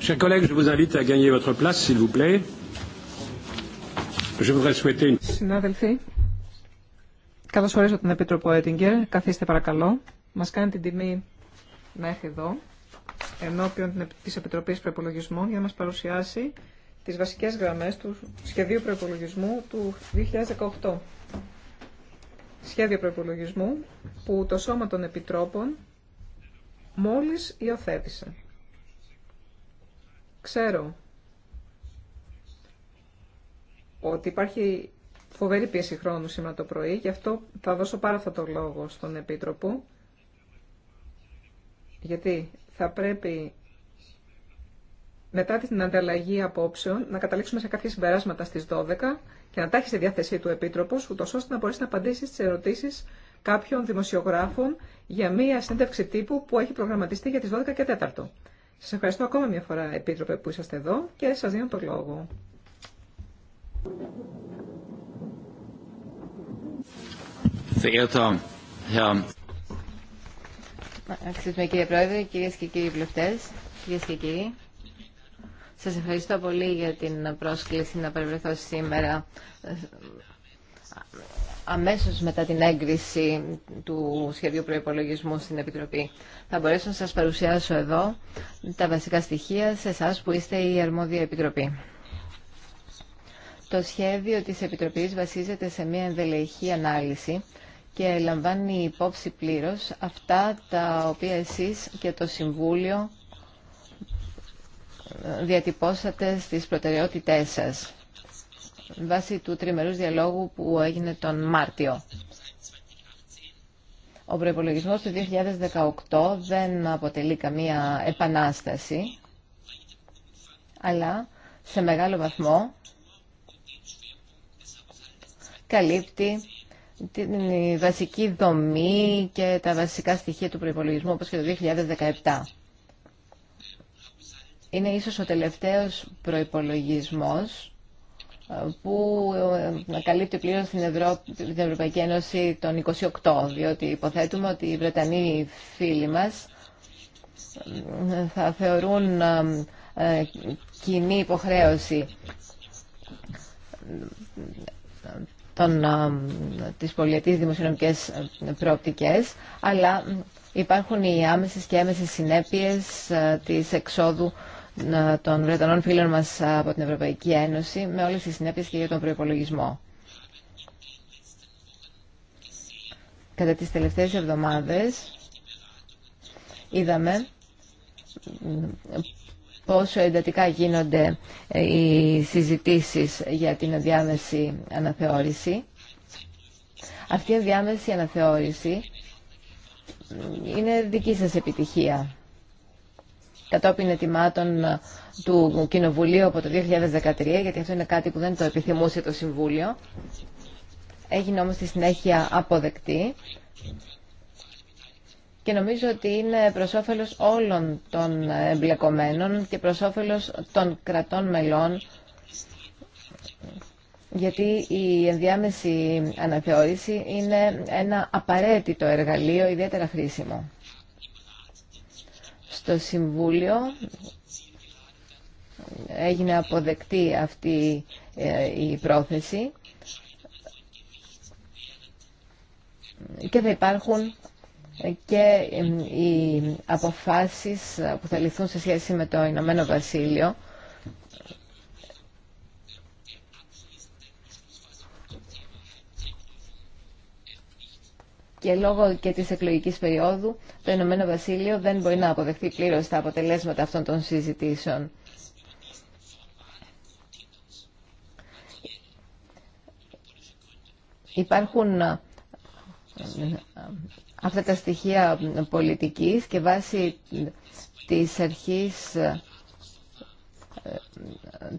Chers collègues, je vous invite à gagner votre place, s'il vous plaît. Je voudrais souhaiter Συνάδελφοι, καλώ ορίζω τον Επίτροπο Έτιγκερ. Καθίστε παρακαλώ. Μας κάνει την τιμή να έρθει εδώ, ενώπιον της Επιτροπής Προπολογισμών, για να μας παρουσιάσει τις βασικές γραμμές του σχεδίου προπολογισμού του 2018. Σχέδιο προπολογισμού που το Σώμα των Επιτρόπων μόλις υιοθέτησε. Ξέρω ότι υπάρχει φοβερή πίεση χρόνου σήμερα το πρωί, γι' αυτό θα δώσω πάρα αυτό το λόγο στον Επίτροπο, γιατί θα πρέπει μετά την ανταλλαγή απόψεων να καταλήξουμε σε κάποια συμπεράσματα στις 12 και να τα έχει στη διάθεσή του Επίτροπος, ούτως ώστε να μπορέσει να απαντήσει στις ερωτήσεις κάποιων δημοσιογράφων για μία συνέντευξη τύπου που έχει προγραμματιστεί για τις 12 και 4. Σας ευχαριστώ ακόμα μια φορά, Επίτροπε, που είσαστε εδώ και σας δίνω το λόγο. Ευχαριστούμε, κύριε Πρόεδρε, κυρίες και κύριοι βουλευτές, κυρίες και κύριοι. Σας ευχαριστώ πολύ για την πρόσκληση να παρευρεθώ σήμερα αμέσως μετά την έγκριση του σχεδίου προϋπολογισμού στην Επιτροπή. Θα μπορέσω να σας παρουσιάσω εδώ τα βασικά στοιχεία σε εσά που είστε η αρμόδια Επιτροπή. Το σχέδιο της Επιτροπής βασίζεται σε μια ενδελεχή ανάλυση και λαμβάνει υπόψη πλήρως αυτά τα οποία εσείς και το Συμβούλιο διατυπώσατε στις προτεραιότητές σας βάσει του τριμερούς διαλόγου που έγινε τον Μάρτιο. Ο προϋπολογισμός του 2018 δεν αποτελεί καμία επανάσταση, αλλά σε μεγάλο βαθμό καλύπτει την βασική δομή και τα βασικά στοιχεία του προϋπολογισμού όπως και το 2017. Είναι ίσως ο τελευταίος προϋπολογισμός που ε, καλύπτει πλήρως την, την Ευρωπαϊκή Ένωση των 28, διότι υποθέτουμε ότι οι Βρετανοί φίλοι μας ε, θα θεωρούν ε, κοινή υποχρέωση των, της πολιετής δημοσιονομικές προοπτικές, αλλά υπάρχουν οι άμεσες και έμεσες συνέπειες της εξόδου των Βρετανών φίλων μα από την Ευρωπαϊκή Ένωση με όλε τι συνέπειε και για τον προπολογισμό. Κατά τι τελευταίε εβδομάδε είδαμε πόσο εντατικά γίνονται ε, οι συζητήσεις για την ενδιάμεση αναθεώρηση. Αυτή η ενδιάμεση αναθεώρηση είναι δική σας επιτυχία κατόπιν ετοιμάτων ε, του Κοινοβουλίου από το 2013, γιατί αυτό είναι κάτι που δεν το επιθυμούσε το Συμβούλιο. Έγινε όμως στη συνέχεια αποδεκτή και νομίζω ότι είναι προς όφελος όλων των εμπλεκομένων και προς όφελος των κρατών μελών γιατί η ενδιάμεση αναθεώρηση είναι ένα απαραίτητο εργαλείο, ιδιαίτερα χρήσιμο στο Συμβούλιο έγινε αποδεκτή αυτή ε, η πρόθεση και θα υπάρχουν και οι αποφάσεις που θα ληφθούν σε σχέση με το Ηνωμένο Βασίλειο και λόγω και της εκλογικής περίοδου το Ηνωμένο Βασίλειο δεν μπορεί να αποδεχθεί πλήρως τα αποτελέσματα αυτών των συζητήσεων. Υπάρχουν αυτά τα στοιχεία πολιτικής και βάσει της αρχής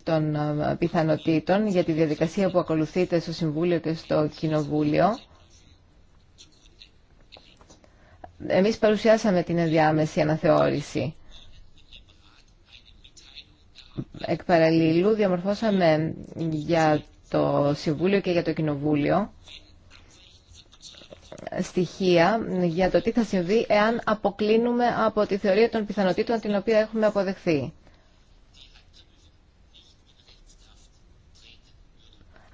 των πιθανοτήτων για τη διαδικασία που ακολουθείται στο Συμβούλιο και στο Κοινοβούλιο εμείς παρουσιάσαμε την ενδιάμεση αναθεώρηση. Εκ παραλληλού διαμορφώσαμε για το Συμβούλιο και για το Κοινοβούλιο στοιχεία για το τι θα συμβεί εάν αποκλίνουμε από τη θεωρία των πιθανότητων την οποία έχουμε αποδεχθεί.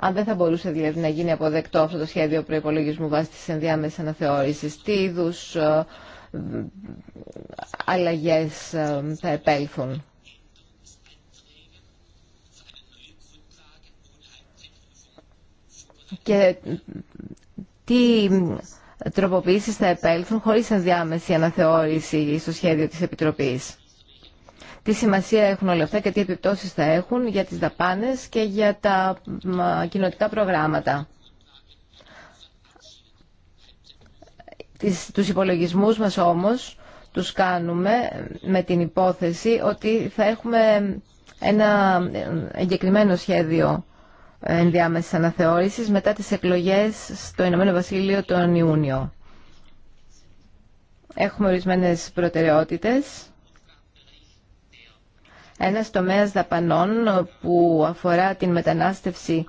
αν δεν θα μπορούσε δηλαδή να γίνει αποδεκτό αυτό το σχέδιο προπολογισμού βάσει τη ενδιάμεση αναθεώρηση, τι είδου ε, αλλαγέ ε, θα επέλθουν. Και τι τροποποιήσεις θα επέλθουν χωρίς ενδιάμεση αναθεώρηση στο σχέδιο της Επιτροπής τι σημασία έχουν όλα αυτά και τι επιπτώσεις θα έχουν για τις δαπάνες και για τα κοινοτικά προγράμματα. Τους υπολογισμούς μας όμως τους κάνουμε με την υπόθεση ότι θα έχουμε ένα εγκεκριμένο σχέδιο ενδιάμεσης αναθεώρησης μετά τις εκλογές στο Ηνωμένο Βασίλειο τον Ιούνιο. Έχουμε ορισμένες προτεραιότητες ένας τομέας δαπανών που αφορά την μετανάστευση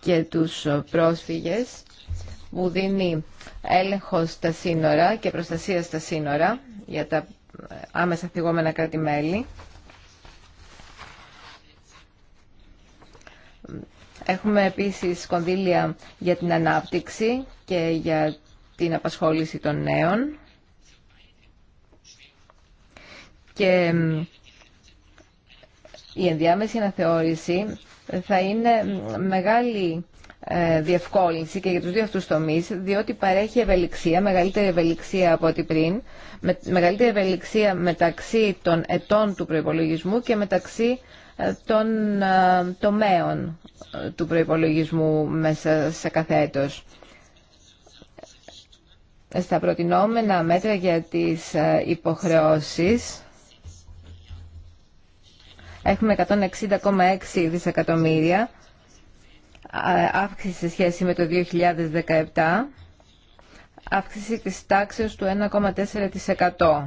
και τους πρόσφυγες που δίνει έλεγχο στα σύνορα και προστασία στα σύνορα για τα ε, άμεσα θυγόμενα κράτη-μέλη. Έχουμε επίσης κονδύλια για την ανάπτυξη και για την απασχόληση των νέων. Και η ενδιάμεση αναθεώρηση θα είναι μεγάλη ε, διευκόλυνση και για τους δύο αυτούς τομείς, διότι παρέχει ευελιξία, μεγαλύτερη ευελιξία από ό,τι πριν, με, μεγαλύτερη ευελιξία μεταξύ των ετών του προϋπολογισμού και μεταξύ ε, των ε, τομέων του προϋπολογισμού μέσα σε κάθε έτος. Στα προτινόμενα μέτρα για τις υποχρεώσεις, Έχουμε 160,6 δισεκατομμύρια αύξηση σε σχέση με το 2017 αύξηση της τάξης του 1,4%.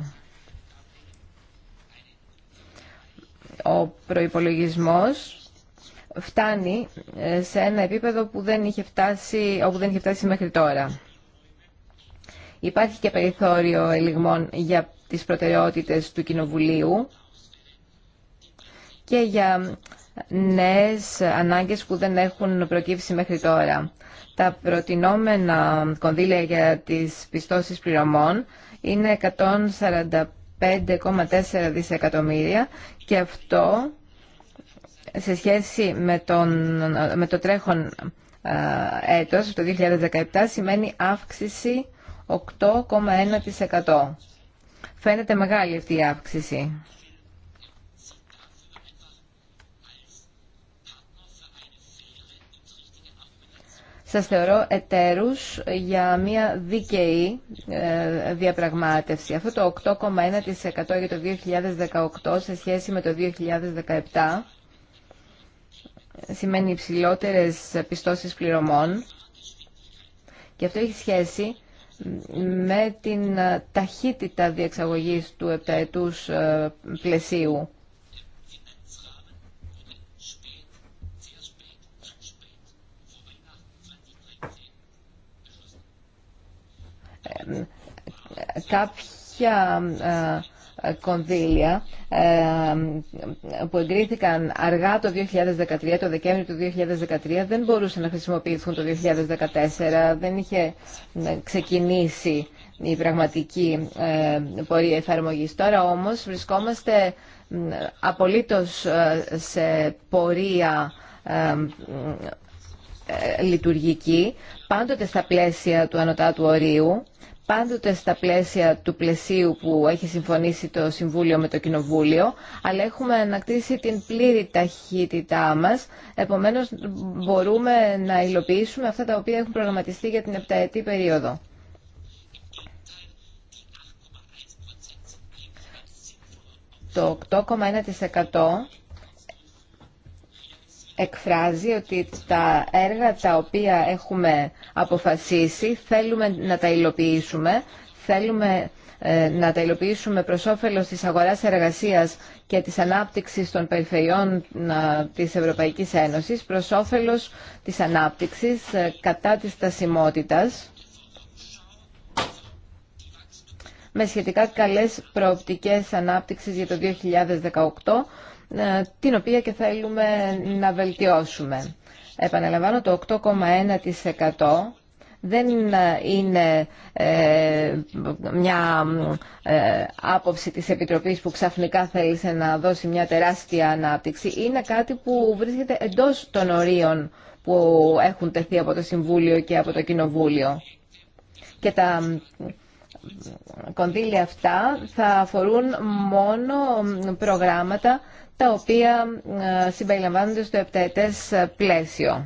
Ο προϋπολογισμός φτάνει ε, σε ένα επίπεδο που δεν είχε φτάσει, όπου δεν είχε φτάσει μέχρι τώρα. Υπάρχει και περιθώριο ελιγμών για τις προτεραιότητες του Κοινοβουλίου και για νέες ανάγκες που δεν έχουν προκύψει μέχρι τώρα. Τα προτινόμενα κονδύλια για τις πιστώσεις πληρωμών είναι 145,4 δισεκατομμύρια και αυτό σε σχέση με, τον, με το τρέχον έτος, το 2017, σημαίνει αύξηση 8,1%. Φαίνεται μεγάλη αυτή η αύξηση. σας θεωρώ εταίρους για μια δίκαιη ε, διαπραγμάτευση. Αυτό το 8,1% για το 2018 σε σχέση με το 2017 σημαίνει υψηλότερες πιστώσεις πληρωμών και αυτό έχει σχέση με την ταχύτητα διεξαγωγής του επταετούς ε, πλαισίου. κάποια ε, ε, κονδύλια ε, που εγκρίθηκαν αργά το 2013, το Δεκέμβριο του 2013, δεν μπορούσαν να χρησιμοποιηθούν το 2014. Δεν είχε ξεκινήσει η πραγματική πορεία εφαρμογής. Τώρα όμως βρισκόμαστε απολύτως σε πορεία λειτουργική, πάντοτε στα πλαίσια του ανωτάτου ορίου, πάντοτε στα πλαίσια του πλαισίου που έχει συμφωνήσει το Συμβούλιο με το Κοινοβούλιο, αλλά έχουμε ανακτήσει την πλήρη ταχύτητά μας, επομένως μπορούμε να υλοποιήσουμε αυτά τα οποία έχουν προγραμματιστεί για την επταετή περίοδο. Το 8,1% εκφράζει ότι τα έργα τα οποία έχουμε αποφασίσει θέλουμε να τα υλοποιήσουμε, θέλουμε ε, να τα υλοποιήσουμε προς όφελος της αγοράς εργασίας και της ανάπτυξης των περιφερειών της Ευρωπαϊκής Ένωσης, προς όφελος της ανάπτυξης ε, κατά της στασιμότητας με σχετικά καλές προοπτικές ανάπτυξης για το 2018, ε, την οποία και θέλουμε να βελτιώσουμε. Επαναλαμβάνω, το 8,1% δεν είναι ε, μια ε, άποψη της Επιτροπής που ξαφνικά θέλησε να δώσει μια τεράστια ανάπτυξη. Είναι κάτι που βρίσκεται εντός των ορίων που έχουν τεθεί από το Συμβούλιο και από το Κοινοβούλιο. Και τα κονδύλια αυτά θα αφορούν μόνο προγράμματα τα οποία ε, συμπεριλαμβάνονται στο επταετές πλαίσιο.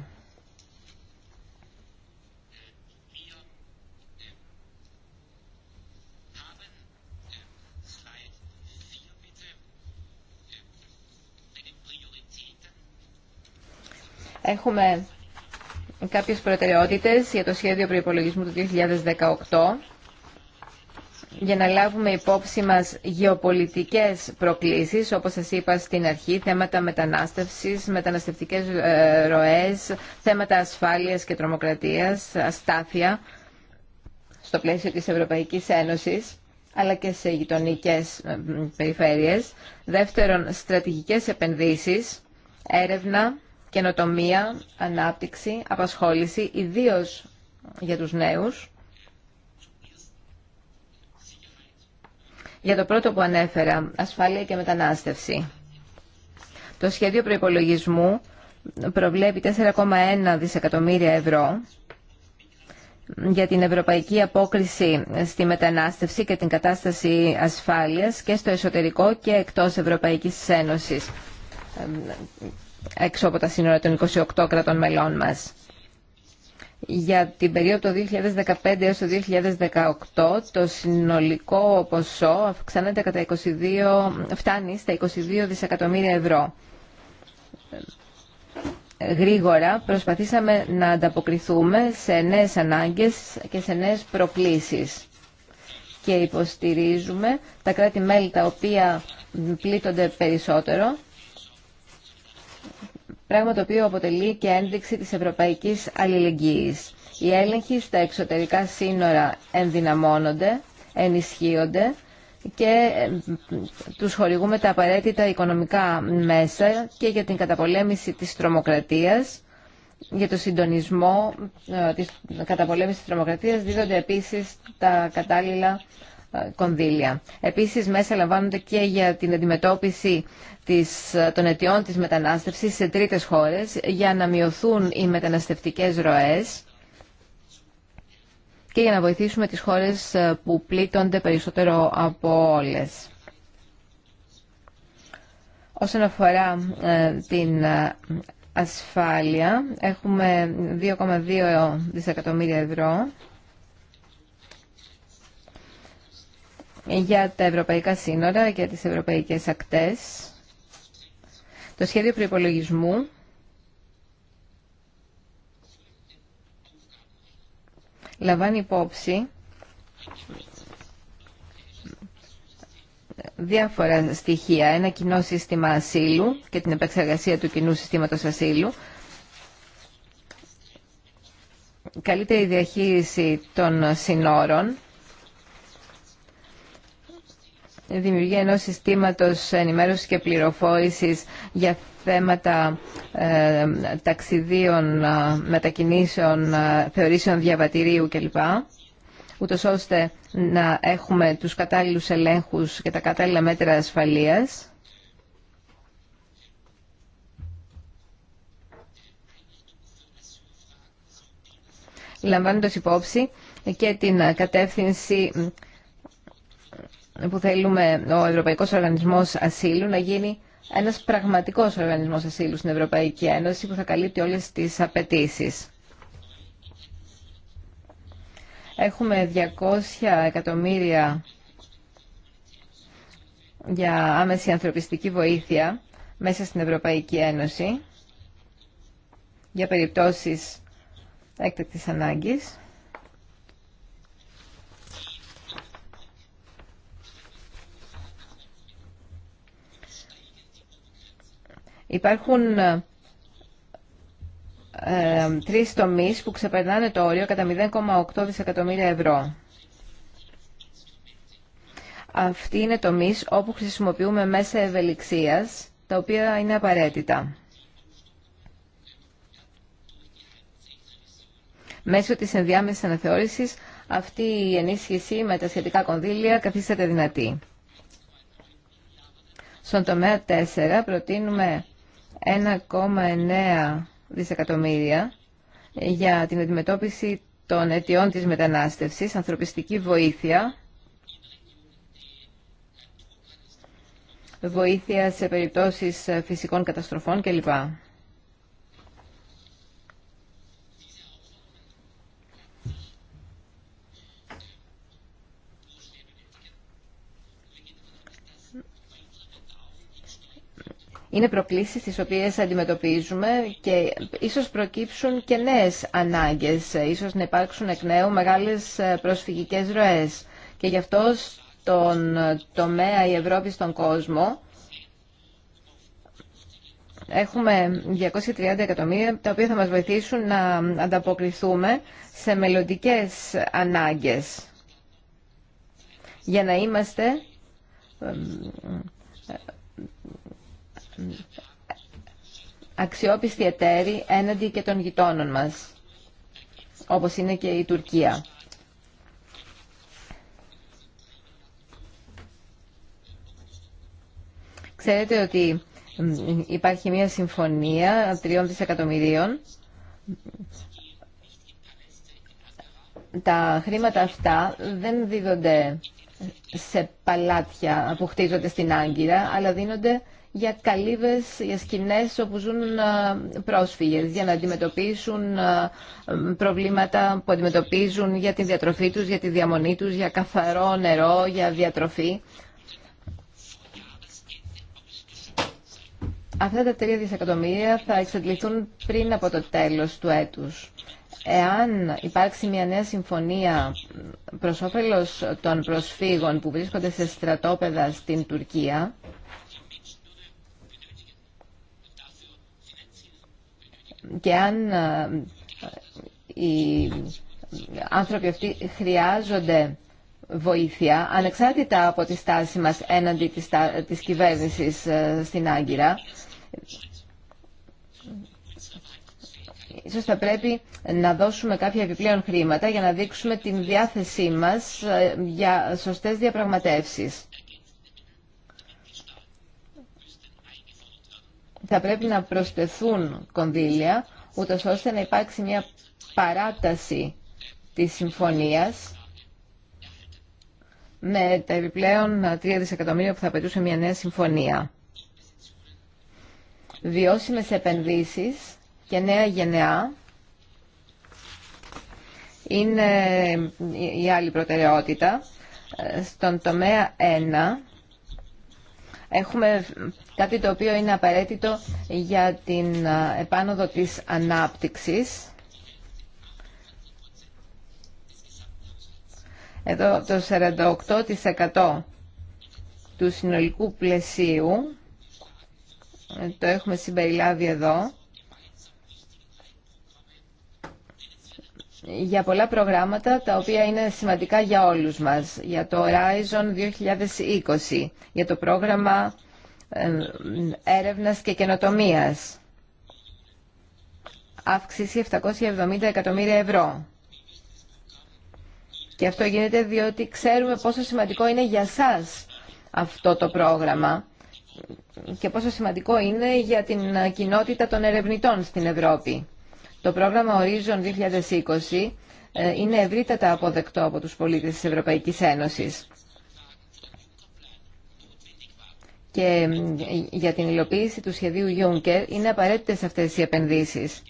Έχουμε κάποιες προτεραιότητες για το σχέδιο προϋπολογισμού του 2018 για να λάβουμε υπόψη μας γεωπολιτικές προκλήσεις, όπως σας είπα στην αρχή, θέματα μετανάστευσης, μεταναστευτικές ε, ροές, θέματα ασφάλειας και τρομοκρατίας, αστάθεια στο πλαίσιο της Ευρωπαϊκής Ένωσης αλλά και σε γειτονικέ ε, περιφέρειες. Δεύτερον, στρατηγικές επενδύσεις, έρευνα, καινοτομία, ανάπτυξη, απασχόληση, ιδίως για τους νέους. Για το πρώτο που ανέφερα, ασφάλεια και μετανάστευση. Το σχέδιο προϋπολογισμού προβλέπει 4,1 δισεκατομμύρια ευρώ για την ευρωπαϊκή απόκριση στη μετανάστευση και την κατάσταση ασφάλειας και στο εσωτερικό και εκτός Ευρωπαϊκής Ένωσης ε, έξω από τα σύνορα των 28 κρατών μελών μας. Για την περίοδο 2015 έως το 2018 το συνολικό ποσό αυξάνεται κατά 22, φτάνει στα 22 δισεκατομμύρια ευρώ. Γρήγορα προσπαθήσαμε να ανταποκριθούμε σε νέες ανάγκες και σε νέες προκλήσεις και υποστηρίζουμε τα κράτη-μέλη τα οποία πλήττονται περισσότερο πράγμα το οποίο αποτελεί και ένδειξη της ευρωπαϊκής αλληλεγγύης. Οι έλεγχοι στα εξωτερικά σύνορα ενδυναμώνονται, ενισχύονται και ε, τους χορηγούμε τα απαραίτητα οικονομικά μέσα και για την καταπολέμηση της τρομοκρατίας για το συντονισμό ε, της καταπολέμησης της τρομοκρατίας δίδονται επίσης τα κατάλληλα ε, κονδύλια. Επίσης, μέσα λαμβάνονται και για την αντιμετώπιση της, ε, των αιτιών της μετανάστευσης σε τρίτες χώρες για να μειωθούν οι μεταναστευτικές ροές και για να βοηθήσουμε τις χώρες ε, που πλήττονται περισσότερο από όλες. Όσον αφορά την ασφάλεια, έχουμε 2,2 δισεκατομμύρια ευρώ για τα ευρωπαϊκά σύνορα και τις ευρωπαϊκές ακτές, το σχέδιο προϋπολογισμού λαμβάνει υπόψη διάφορα στοιχεία. Ένα κοινό σύστημα ασύλου και την επεξεργασία του κοινού συστήματος ασύλου, καλύτερη διαχείριση των συνόρων, δημιουργία ενός συστήματος ενημέρωσης και πληροφόρησης για θέματα ε, ταξιδίων, ε, μετακινήσεων, ε, θεωρήσεων διαβατηρίου κλπ. Ούτως ώστε να έχουμε τους κατάλληλους ελέγχους και τα κατάλληλα μέτρα ασφαλείας. Λαμβάνοντας υπόψη και την κατεύθυνση που θέλουμε ο Ευρωπαϊκός Οργανισμός Ασύλου να γίνει ένας πραγματικός οργανισμός ασύλου στην Ευρωπαϊκή Ένωση που θα καλύπτει όλες τις απαιτήσει. Έχουμε 200 εκατομμύρια για άμεση ανθρωπιστική βοήθεια μέσα στην Ευρωπαϊκή Ένωση για περιπτώσεις έκτακτης ανάγκης. Υπάρχουν ε, ε, τρεις τομείς που ξεπερνάνε το όριο κατά 0,8 δισεκατομμύρια ευρώ. Αυτοί είναι τομείς όπου χρησιμοποιούμε μέσα ευελιξίας, τα οποία είναι απαραίτητα. Μέσω της ενδιάμεσης αναθεώρησης, αυτή η ενίσχυση με τα σχετικά κονδύλια καθίσταται δυνατή. Στον τομέα 4 προτείνουμε 1,9 δισεκατομμύρια για την αντιμετώπιση των αιτιών της μετανάστευσης, ανθρωπιστική βοήθεια, βοήθεια σε περιπτώσεις φυσικών καταστροφών κλπ. Είναι προκλήσεις τις οποίες αντιμετωπίζουμε και ίσως προκύψουν και νέες ανάγκες, ίσως να υπάρξουν εκ νέου μεγάλες ε, προσφυγικές ροές. Και γι' αυτό στον τομέα η Ευρώπη στον κόσμο έχουμε 230 εκατομμύρια τα οποία θα μας βοηθήσουν να ανταποκριθούμε σε μελλοντικέ ανάγκες για να είμαστε ε, ε, αξιόπιστη εταίροι έναντι και των γειτόνων μας, όπως είναι και η Τουρκία. Ξέρετε ότι υπάρχει μια συμφωνία τριών δισεκατομμυρίων. Τα χρήματα αυτά δεν δίδονται σε παλάτια που χτίζονται στην Άγκυρα, αλλά δίνονται για καλύβες, για σκηνές όπου ζουν ε, πρόσφυγες για να αντιμετωπίσουν ε, προβλήματα που αντιμετωπίζουν για τη διατροφή τους, για τη διαμονή τους, για καθαρό νερό, για διατροφή. Αυτά τα τρία δισεκατομμύρια θα εξαντληθούν πριν από το τέλος του έτους. Εάν υπάρξει μια νέα συμφωνία προς όφελος των προσφύγων που βρίσκονται σε στρατόπεδα στην Τουρκία, και αν ε, οι άνθρωποι αυτοί χρειάζονται βοήθεια, ανεξάρτητα από τη στάση μας έναντι της, της κυβέρνησης ε, στην Άγκυρα, ίσως θα πρέπει να δώσουμε κάποια επιπλέον χρήματα για να δείξουμε την διάθεσή μας ε, για σωστές διαπραγματεύσεις. θα πρέπει να προσθεθούν κονδύλια, ούτω ώστε να υπάρξει μια παράταση της συμφωνίας με τα επιπλέον 3 δισεκατομμύρια που θα απαιτούσε μια νέα συμφωνία. Βιώσιμες επενδύσεις και νέα γενεά είναι η άλλη προτεραιότητα. Στον τομέα 1 Έχουμε κάτι το οποίο είναι απαραίτητο για την επάνωδο της ανάπτυξης. Εδώ το 48% του συνολικού πλαισίου ε, το έχουμε συμπεριλάβει εδώ για πολλά προγράμματα τα οποία είναι σημαντικά για όλους μας. Για το Horizon 2020, για το πρόγραμμα έρευνας και καινοτομίας. Αύξηση 770 εκατομμύρια ευρώ. Και αυτό γίνεται διότι ξέρουμε πόσο σημαντικό είναι για σας αυτό το πρόγραμμα και πόσο σημαντικό είναι για την κοινότητα των ερευνητών στην Ευρώπη. Το πρόγραμμα Horizon 2020 ε, είναι ευρύτατα αποδεκτό από τους πολίτες της Ευρωπαϊκής Ένωσης. Και για την υλοποίηση του σχεδίου Juncker είναι απαραίτητες αυτές οι επενδύσεις.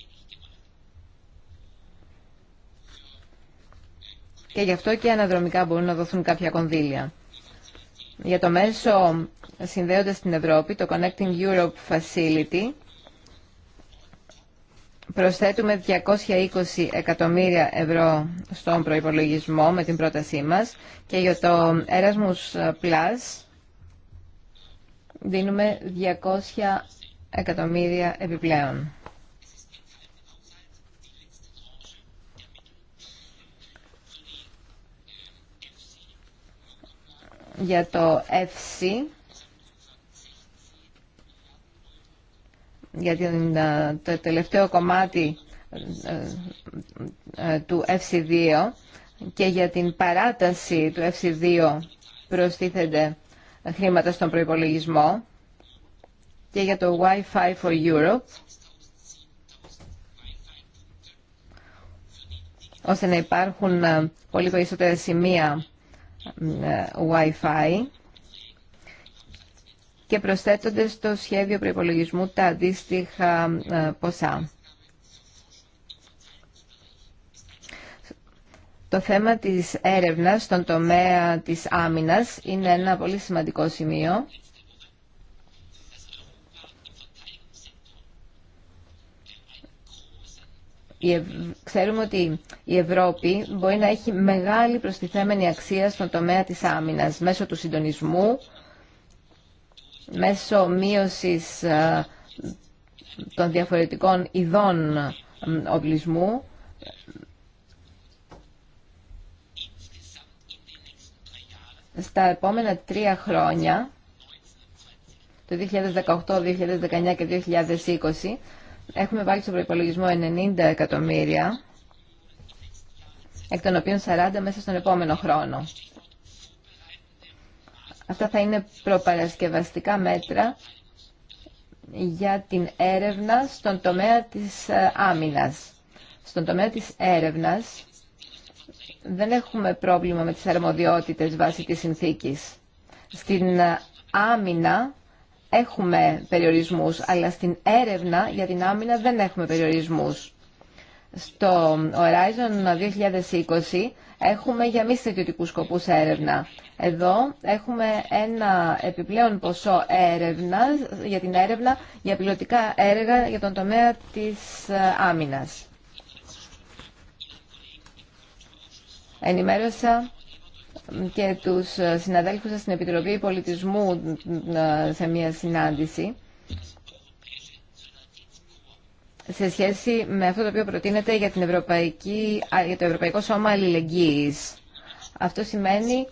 Και γι' αυτό και αναδρομικά μπορούν να δοθούν κάποια κονδύλια. Για το μέσο συνδέοντας την Ευρώπη, το Connecting Europe Facility, προσθέτουμε 220 εκατομμύρια ευρώ στον προϋπολογισμό με την πρότασή μας και για το Erasmus Plus δίνουμε 200 εκατομμύρια επιπλέον. Για το FC για την, ε, το τελευταίο κομμάτι ε, ε, του FC2 και για την παράταση του FC2 προστίθενται χρήματα στον προϋπολογισμό και για το Wi-Fi for Europe ώστε να υπάρχουν πολύ περισσότερα σημεία Wi-Fi και προσθέτονται στο σχέδιο προϋπολογισμού τα αντίστοιχα ε, ποσά. Το θέμα της έρευνας στον τομέα της άμυνας είναι ένα πολύ σημαντικό σημείο. Ξέρουμε ότι η Ευρώπη μπορεί να έχει μεγάλη προστιθέμενη αξία στον τομέα της άμυνας μέσω του συντονισμού, μέσω μείωσης ε, των διαφορετικών ειδών ε, οπλισμού στα επόμενα τρία χρόνια, το 2018, 2019 και 2020, έχουμε βάλει στον προπολογισμό 90 εκατομμύρια, εκ των οποίων 40 μέσα στον επόμενο χρόνο. Αυτά θα είναι προπαρασκευαστικά μέτρα για την έρευνα στον τομέα της ε, άμυνας. Στον τομέα της έρευνας δεν έχουμε πρόβλημα με τις αρμοδιότητες βάσει της συνθήκης. Στην ε, άμυνα έχουμε περιορισμούς, αλλά στην έρευνα για την άμυνα δεν έχουμε περιορισμούς. Στο Horizon 2020 έχουμε για μη στρατιωτικούς σκοπούς έρευνα. Εδώ έχουμε ένα επιπλέον ποσό έρευνα για την έρευνα για πιλωτικά έργα για τον τομέα της ε, άμυνας. Ενημέρωσα και τους ε, συναδέλφους σας στην Επιτροπή Πολιτισμού σε μια συνάντηση σε σχέση με αυτό το οποίο προτείνεται για, την Ευρωπαϊκή, το Ευρωπαϊκό Σώμα Αλληλεγγύης. Αυτό σημαίνει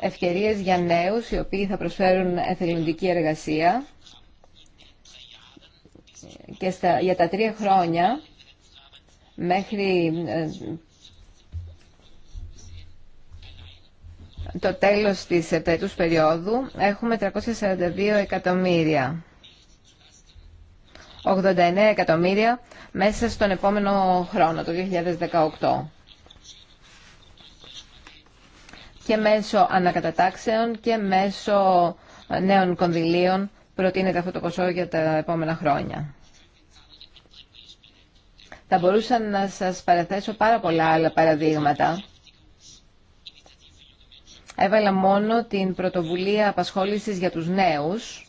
ευκαιρίες για νέους οι οποίοι θα προσφέρουν εθελοντική εργασία και για τα τρία χρόνια μέχρι ε, το τέλος της επέτους περίοδου έχουμε 342 εκατομμύρια. 89 εκατομμύρια μέσα στον επόμενο χρόνο, το 2018 και μέσω ανακατατάξεων και μέσω νέων κονδυλίων προτείνεται αυτό το ποσό για τα επόμενα χρόνια. Θα μπορούσα να σας παραθέσω πάρα πολλά άλλα παραδείγματα. Έβαλα μόνο την πρωτοβουλία απασχόλησης για τους νέους,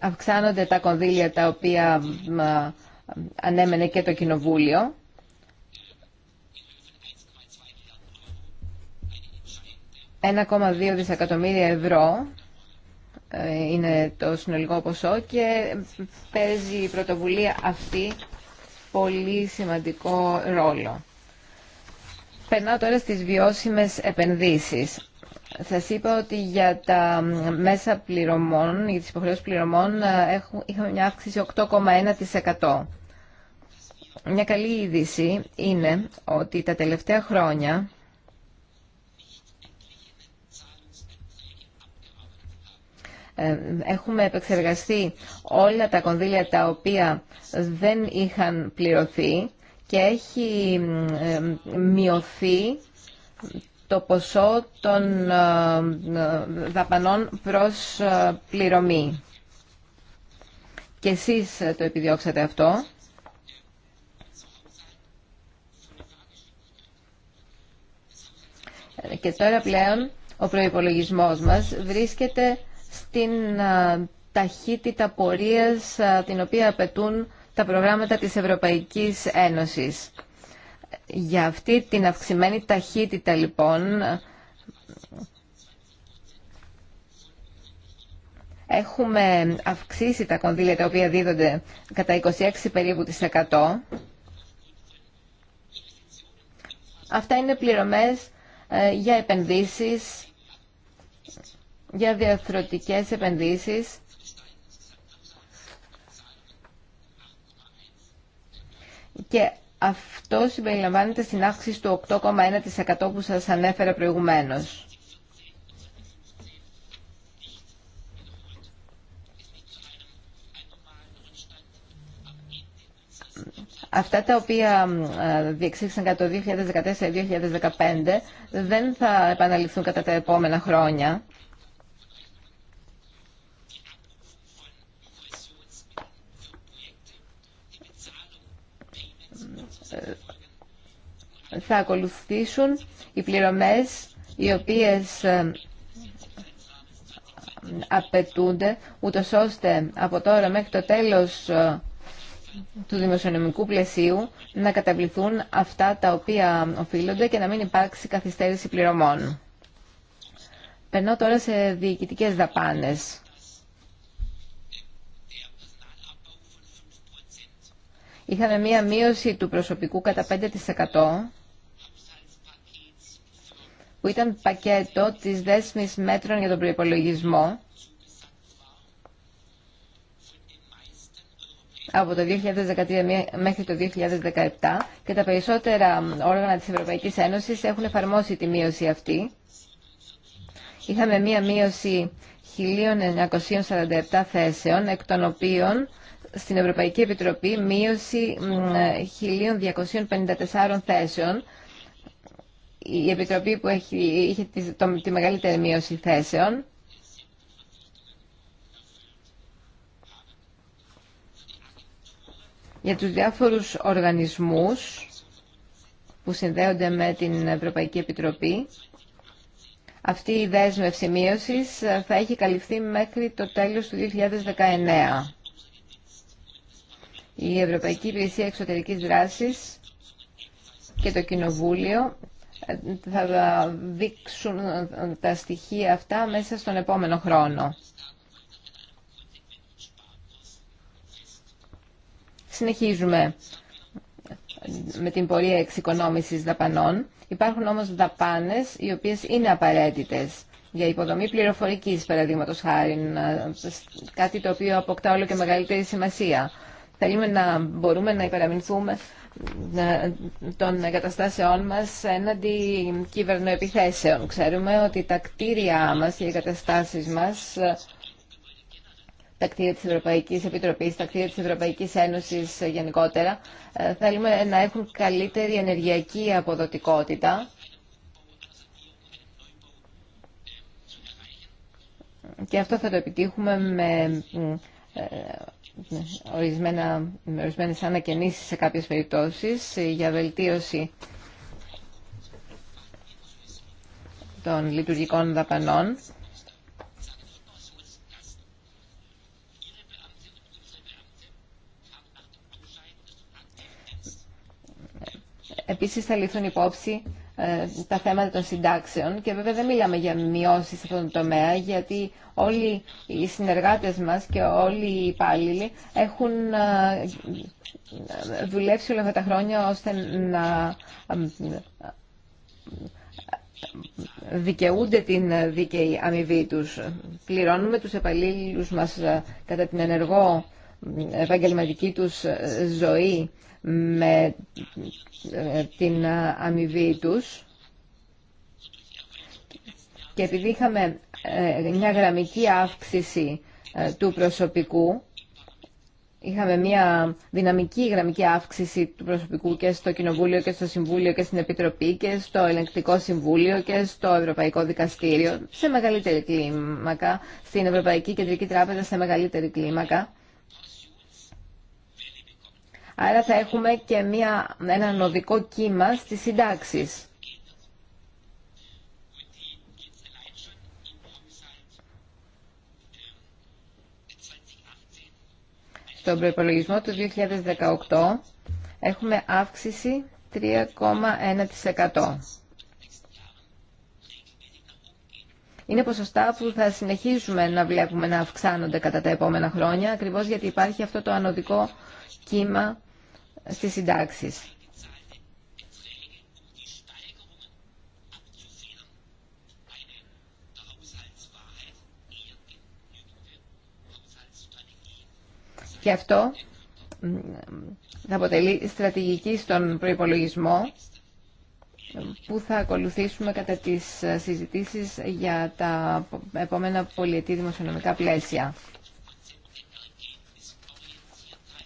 αυξάνονται τα κονδύλια τα οποία ανέμενε και το Κοινοβούλιο. ...1,2 δισεκατομμύρια ευρώ ε, είναι το συνολικό ποσό και παίζει η πρωτοβουλία αυτή πολύ σημαντικό ρόλο. Περνάω τώρα στις βιώσιμες επενδύσεις σα είπα ότι για τα μέσα πληρωμών, για τι υποχρεώσει πληρωμών, ε, είχαμε μια αύξηση 8,1%. Μια καλή είδηση είναι ότι τα τελευταία χρόνια ε, έχουμε επεξεργαστεί όλα τα κονδύλια τα οποία δεν είχαν πληρωθεί και έχει ε, μειωθεί το ποσό των ε, ε, δαπανών προς ε, πληρωμή. Και εσείς το επιδιώξατε αυτό. Και τώρα πλέον ο προϋπολογισμός μας βρίσκεται στην ταχύτητα πορείας την οποία απαιτούν τα προγράμματα της Ευρωπαϊκής Ένωσης. Για αυτή την αυξημένη ταχύτητα λοιπόν έχουμε αυξήσει τα κονδύλια τα οποία δίδονται κατά 26 περίπου της 100. Αυτά είναι πληρωμές ε, για επενδύσεις, για διαθροτικές επενδύσεις. Και αυτό συμπεριλαμβάνεται στην αύξηση του 8,1% που σας ανέφερα προηγουμένως. Αυτά τα οποία διεξήχθησαν κατά το 2014-2015 δεν θα επαναληφθούν κατά τα επόμενα χρόνια. θα ακολουθήσουν οι πληρωμές οι οποίες ε, απαιτούνται ούτω ώστε από τώρα μέχρι το τέλος ε, του δημοσιονομικού πλαισίου να καταβληθούν αυτά τα οποία οφείλονται και να μην υπάρξει καθυστέρηση πληρωμών. Περνώ τώρα σε διοικητικές δαπάνες. Είχαμε μία μείωση του προσωπικού κατά 5% που ήταν πακέτο της δέσμης μέτρων για τον προϋπολογισμό από το 2013 μέχρι το 2017 και τα περισσότερα όργανα της Ευρωπαϊκής Ένωσης έχουν εφαρμόσει τη μείωση αυτή. Είχαμε μία μείωση 1.947 θέσεων, εκ των οποίων στην Ευρωπαϊκή Επιτροπή μείωση 1.254 θέσεων, η Επιτροπή που έχει, είχε τη, τη μεγαλύτερη μείωση θέσεων. Για τους διάφορους οργανισμούς που συνδέονται με την Ευρωπαϊκή Επιτροπή, αυτή η δέσμευση μείωσης θα έχει καλυφθεί μέχρι το τέλος του 2019. Η Ευρωπαϊκή Υπηρεσία Εξωτερικής Δράσης και το Κοινοβούλιο θα δείξουν τα στοιχεία αυτά μέσα στον επόμενο χρόνο. Συνεχίζουμε με την πορεία εξοικονόμησης δαπανών. Υπάρχουν όμως δαπάνες οι οποίες είναι απαραίτητες για υποδομή πληροφορικής, παραδείγματο χάρη, κάτι το οποίο αποκτά όλο και μεγαλύτερη σημασία. Θέλουμε να μπορούμε να υπεραμεινθούμε των εγκαταστάσεών μας έναντι κυβερνοεπιθέσεων. Ξέρουμε ότι τα κτίρια μας και οι εγκαταστάσεις μας τα κτίρια της Ευρωπαϊκής Επιτροπής, τα κτίρια της Ευρωπαϊκής Ένωσης γενικότερα. Ε, θέλουμε να έχουν καλύτερη ενεργειακή αποδοτικότητα. Και αυτό θα το επιτύχουμε με ε, ορισμένα, ορισμένες ανακαινήσεις σε κάποιες περιπτώσεις για βελτίωση των λειτουργικών δαπανών. Επίσης θα λυθούν υπόψη ε, τα θέματα των συντάξεων και βέβαια δεν μιλάμε για μειώσει σε αυτόν τον τομέα γιατί όλοι οι συνεργάτες μας και όλοι οι υπάλληλοι έχουν ε, δουλέψει όλα αυτά τα χρόνια ώστε να ε, δικαιούνται την δίκαιη αμοιβή τους. Πληρώνουμε τους επαλλήλους μας κατά την ενεργό επαγγελματική τους ζωή με ε, την αμοιβή τους και επειδή είχαμε ε, μια γραμμική αύξηση ε, του προσωπικού είχαμε μια δυναμική γραμμική αύξηση του προσωπικού και στο Κοινοβούλιο και στο Συμβούλιο και στην Επιτροπή και στο Ελεγκτικό Συμβούλιο και στο Ευρωπαϊκό Δικαστήριο σε μεγαλύτερη κλίμακα, στην Ευρωπαϊκή Κεντρική Τράπεζα σε μεγαλύτερη κλίμακα. Άρα θα έχουμε και μια, ένα νοδικό κύμα στις συντάξεις. Στον προπολογισμό του 2018 έχουμε αύξηση 3,1%. Είναι ποσοστά που θα συνεχίσουμε να βλέπουμε να αυξάνονται κατά τα επόμενα χρόνια, ακριβώς γιατί υπάρχει αυτό το ανωδικό κύμα στις συντάξει. Και αυτό θα αποτελεί στρατηγική στον προϋπολογισμό που θα ακολουθήσουμε κατά τις συζητήσεις για τα επόμενα πολιετή δημοσιονομικά πλαίσια.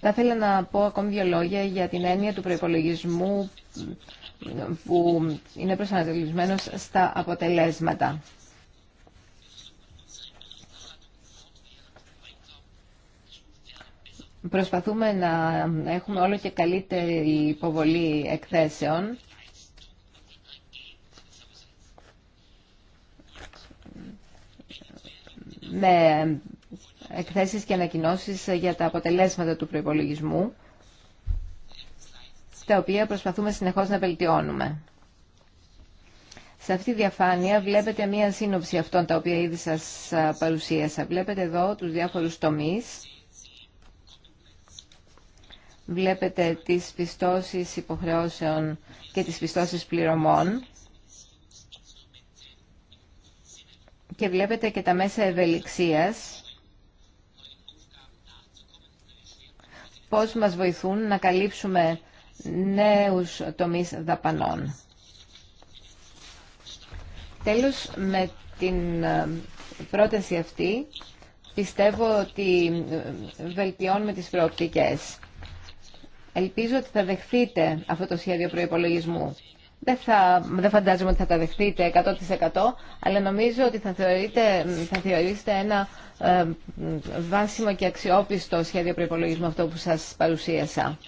Θα ήθελα να πω ακόμη δύο λόγια για την έννοια του προϋπολογισμού που είναι προσανατολισμένος στα αποτελέσματα. Προσπαθούμε να έχουμε όλο και καλύτερη υποβολή εκθέσεων. με εκθέσεις και ανακοινώσεις για τα αποτελέσματα του προϋπολογισμού, τα οποία προσπαθούμε συνεχώς να βελτιώνουμε. Σε αυτή τη διαφάνεια βλέπετε μία σύνοψη αυτών τα οποία ήδη σας παρουσίασα. Βλέπετε εδώ τους διάφορους τομείς. Βλέπετε τις πιστώσεις υποχρεώσεων και τις πιστώσεις πληρωμών. Και βλέπετε και τα μέσα ευελιξίας πώς μας βοηθούν να καλύψουμε νέους τομείς δαπανών. Τέλος, με την ε, πρόταση αυτή πιστεύω ότι ε, βελτιώνουμε τις προοπτικές. Ελπίζω ότι θα δεχθείτε αυτό το σχέδιο προϋπολογισμού. Δεν, θα, δεν φαντάζομαι ότι θα τα δεχτείτε 100% αλλά νομίζω ότι θα, θεωρείτε, θα θεωρήσετε ένα ε, βάσιμο και αξιόπιστο σχέδιο προϋπολογισμού αυτό που σας παρουσίασα.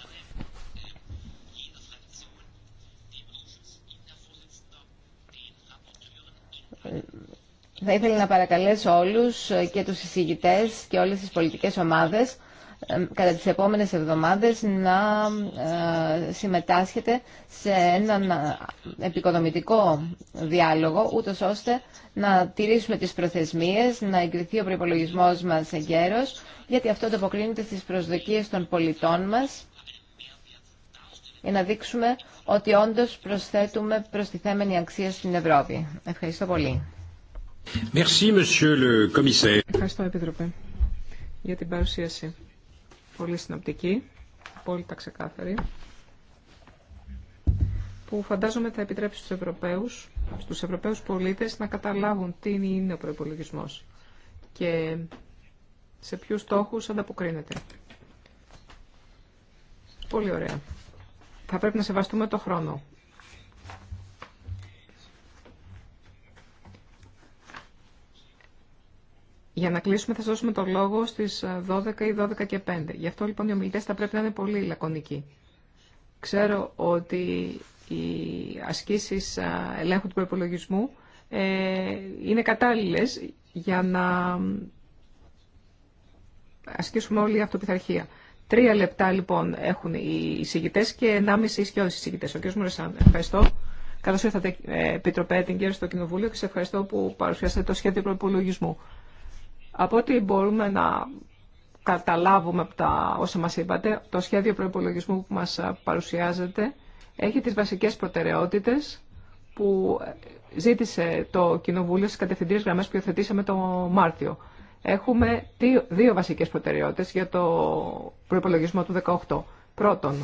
Θα ήθελα να παρακαλέσω όλους και τους συζητητές και όλες τις πολιτικές ομάδες ε, κατά τις επόμενες εβδομάδες να ε, συμμετάσχετε σε έναν ε, επικοδομητικό διάλογο, ούτως ώστε να τηρήσουμε τις προθεσμίες, να εγκριθεί ο προϋπολογισμός μας εγκαίρος, γιατί αυτό το αποκλίνεται στις προσδοκίες των πολιτών μας, για να δείξουμε ότι όντως προσθέτουμε προστιθέμενη αξία στην Ευρώπη. Ευχαριστώ πολύ. Merci, monsieur le Ευχαριστώ, Επίτροπε, για την παρουσίαση πολύ συνοπτική, απόλυτα ξεκάθαρη, που φαντάζομαι θα επιτρέψει στους Ευρωπαίους, στους Ευρωπαίους πολίτες να καταλάβουν τι είναι ο προϋπολογισμός και σε ποιους στόχους ανταποκρίνεται. Πολύ ωραία. Θα πρέπει να σεβαστούμε το χρόνο Για να κλείσουμε θα σας δώσουμε το λόγο στις 12 ε, ή 12 και 5. Γι' αυτό λοιπόν οι ομιλητέ θα πρέπει να είναι πολύ λακωνικοί. Ξέρω ότι οι ασκήσεις ε, ελέγχου του προπολογισμού ε, είναι κατάλληλες για να ασκήσουμε όλη η αυτοπιθαρχία. Τρία λεπτά λοιπόν έχουν οι εισηγητέ και ενάμιση ισχυώδει εισηγητέ. Ο κ. Μουρεσάν, ευχαριστώ. Καλώ ήρθατε, Πίτρο Πέτιγκερ, στο Κοινοβούλιο και σε ευχαριστώ που παρουσιάσατε το σχέδιο προπολογισμού. Από ό,τι μπορούμε να καταλάβουμε από τα όσα μας είπατε, το σχέδιο προϋπολογισμού που μας παρουσιάζεται έχει τις βασικές προτεραιότητες που ζήτησε το Κοινοβούλιο στις κατευθυντήριες γραμμές που υιοθετήσαμε το Μάρτιο. Έχουμε δύο βασικές προτεραιότητες για το προϋπολογισμό του 2018. Πρώτον,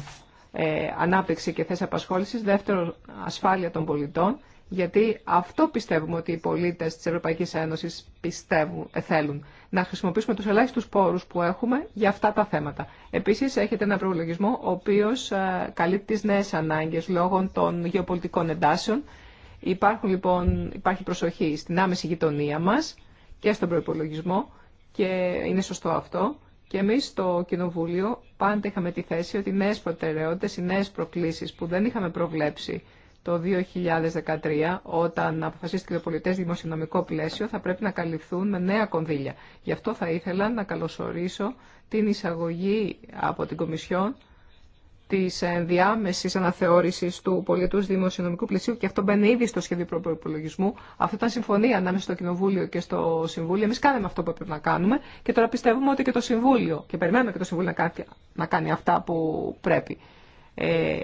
ε, ανάπτυξη και θέση απασχόλησης. Δεύτερον, ασφάλεια των πολιτών γιατί αυτό πιστεύουμε ότι οι πολίτε τη Ευρωπαϊκή Ένωση πιστεύουν, ε, θέλουν. Να χρησιμοποιήσουμε του ελάχιστου πόρου που έχουμε για αυτά τα θέματα. Επίση, έχετε ένα προλογισμό ο οποίος ε, καλύπτει τι νέε ανάγκε λόγω των γεωπολιτικών εντάσεων. Υπάρχουν, λοιπόν, υπάρχει προσοχή στην άμεση γειτονία μα και στον προπολογισμό και είναι σωστό αυτό. Και εμεί στο Κοινοβούλιο πάντα είχαμε τη θέση ότι οι νέες προτεραιότητε, οι νέε προκλήσεις που δεν είχαμε προβλέψει το 2013, όταν αποφασίστηκε το πολιτές δημοσιονομικό πλαίσιο, θα πρέπει να καλυφθούν με νέα κονδύλια. Γι' αυτό θα ήθελα να καλωσορίσω την εισαγωγή από την Κομισιόν της ενδιάμεσης αναθεώρησης του πολιτούς δημοσιονομικού πλαισίου και αυτό μπαίνει ήδη στο σχέδιο προπολογισμού. Αυτό ήταν συμφωνία ανάμεσα στο Κοινοβούλιο και στο Συμβούλιο. Εμείς κάναμε αυτό που έπρεπε να κάνουμε και τώρα πιστεύουμε ότι και το Συμβούλιο και περιμένουμε και το Συμβούλιο να κάνει, να κάνει αυτά που πρέπει. Ε,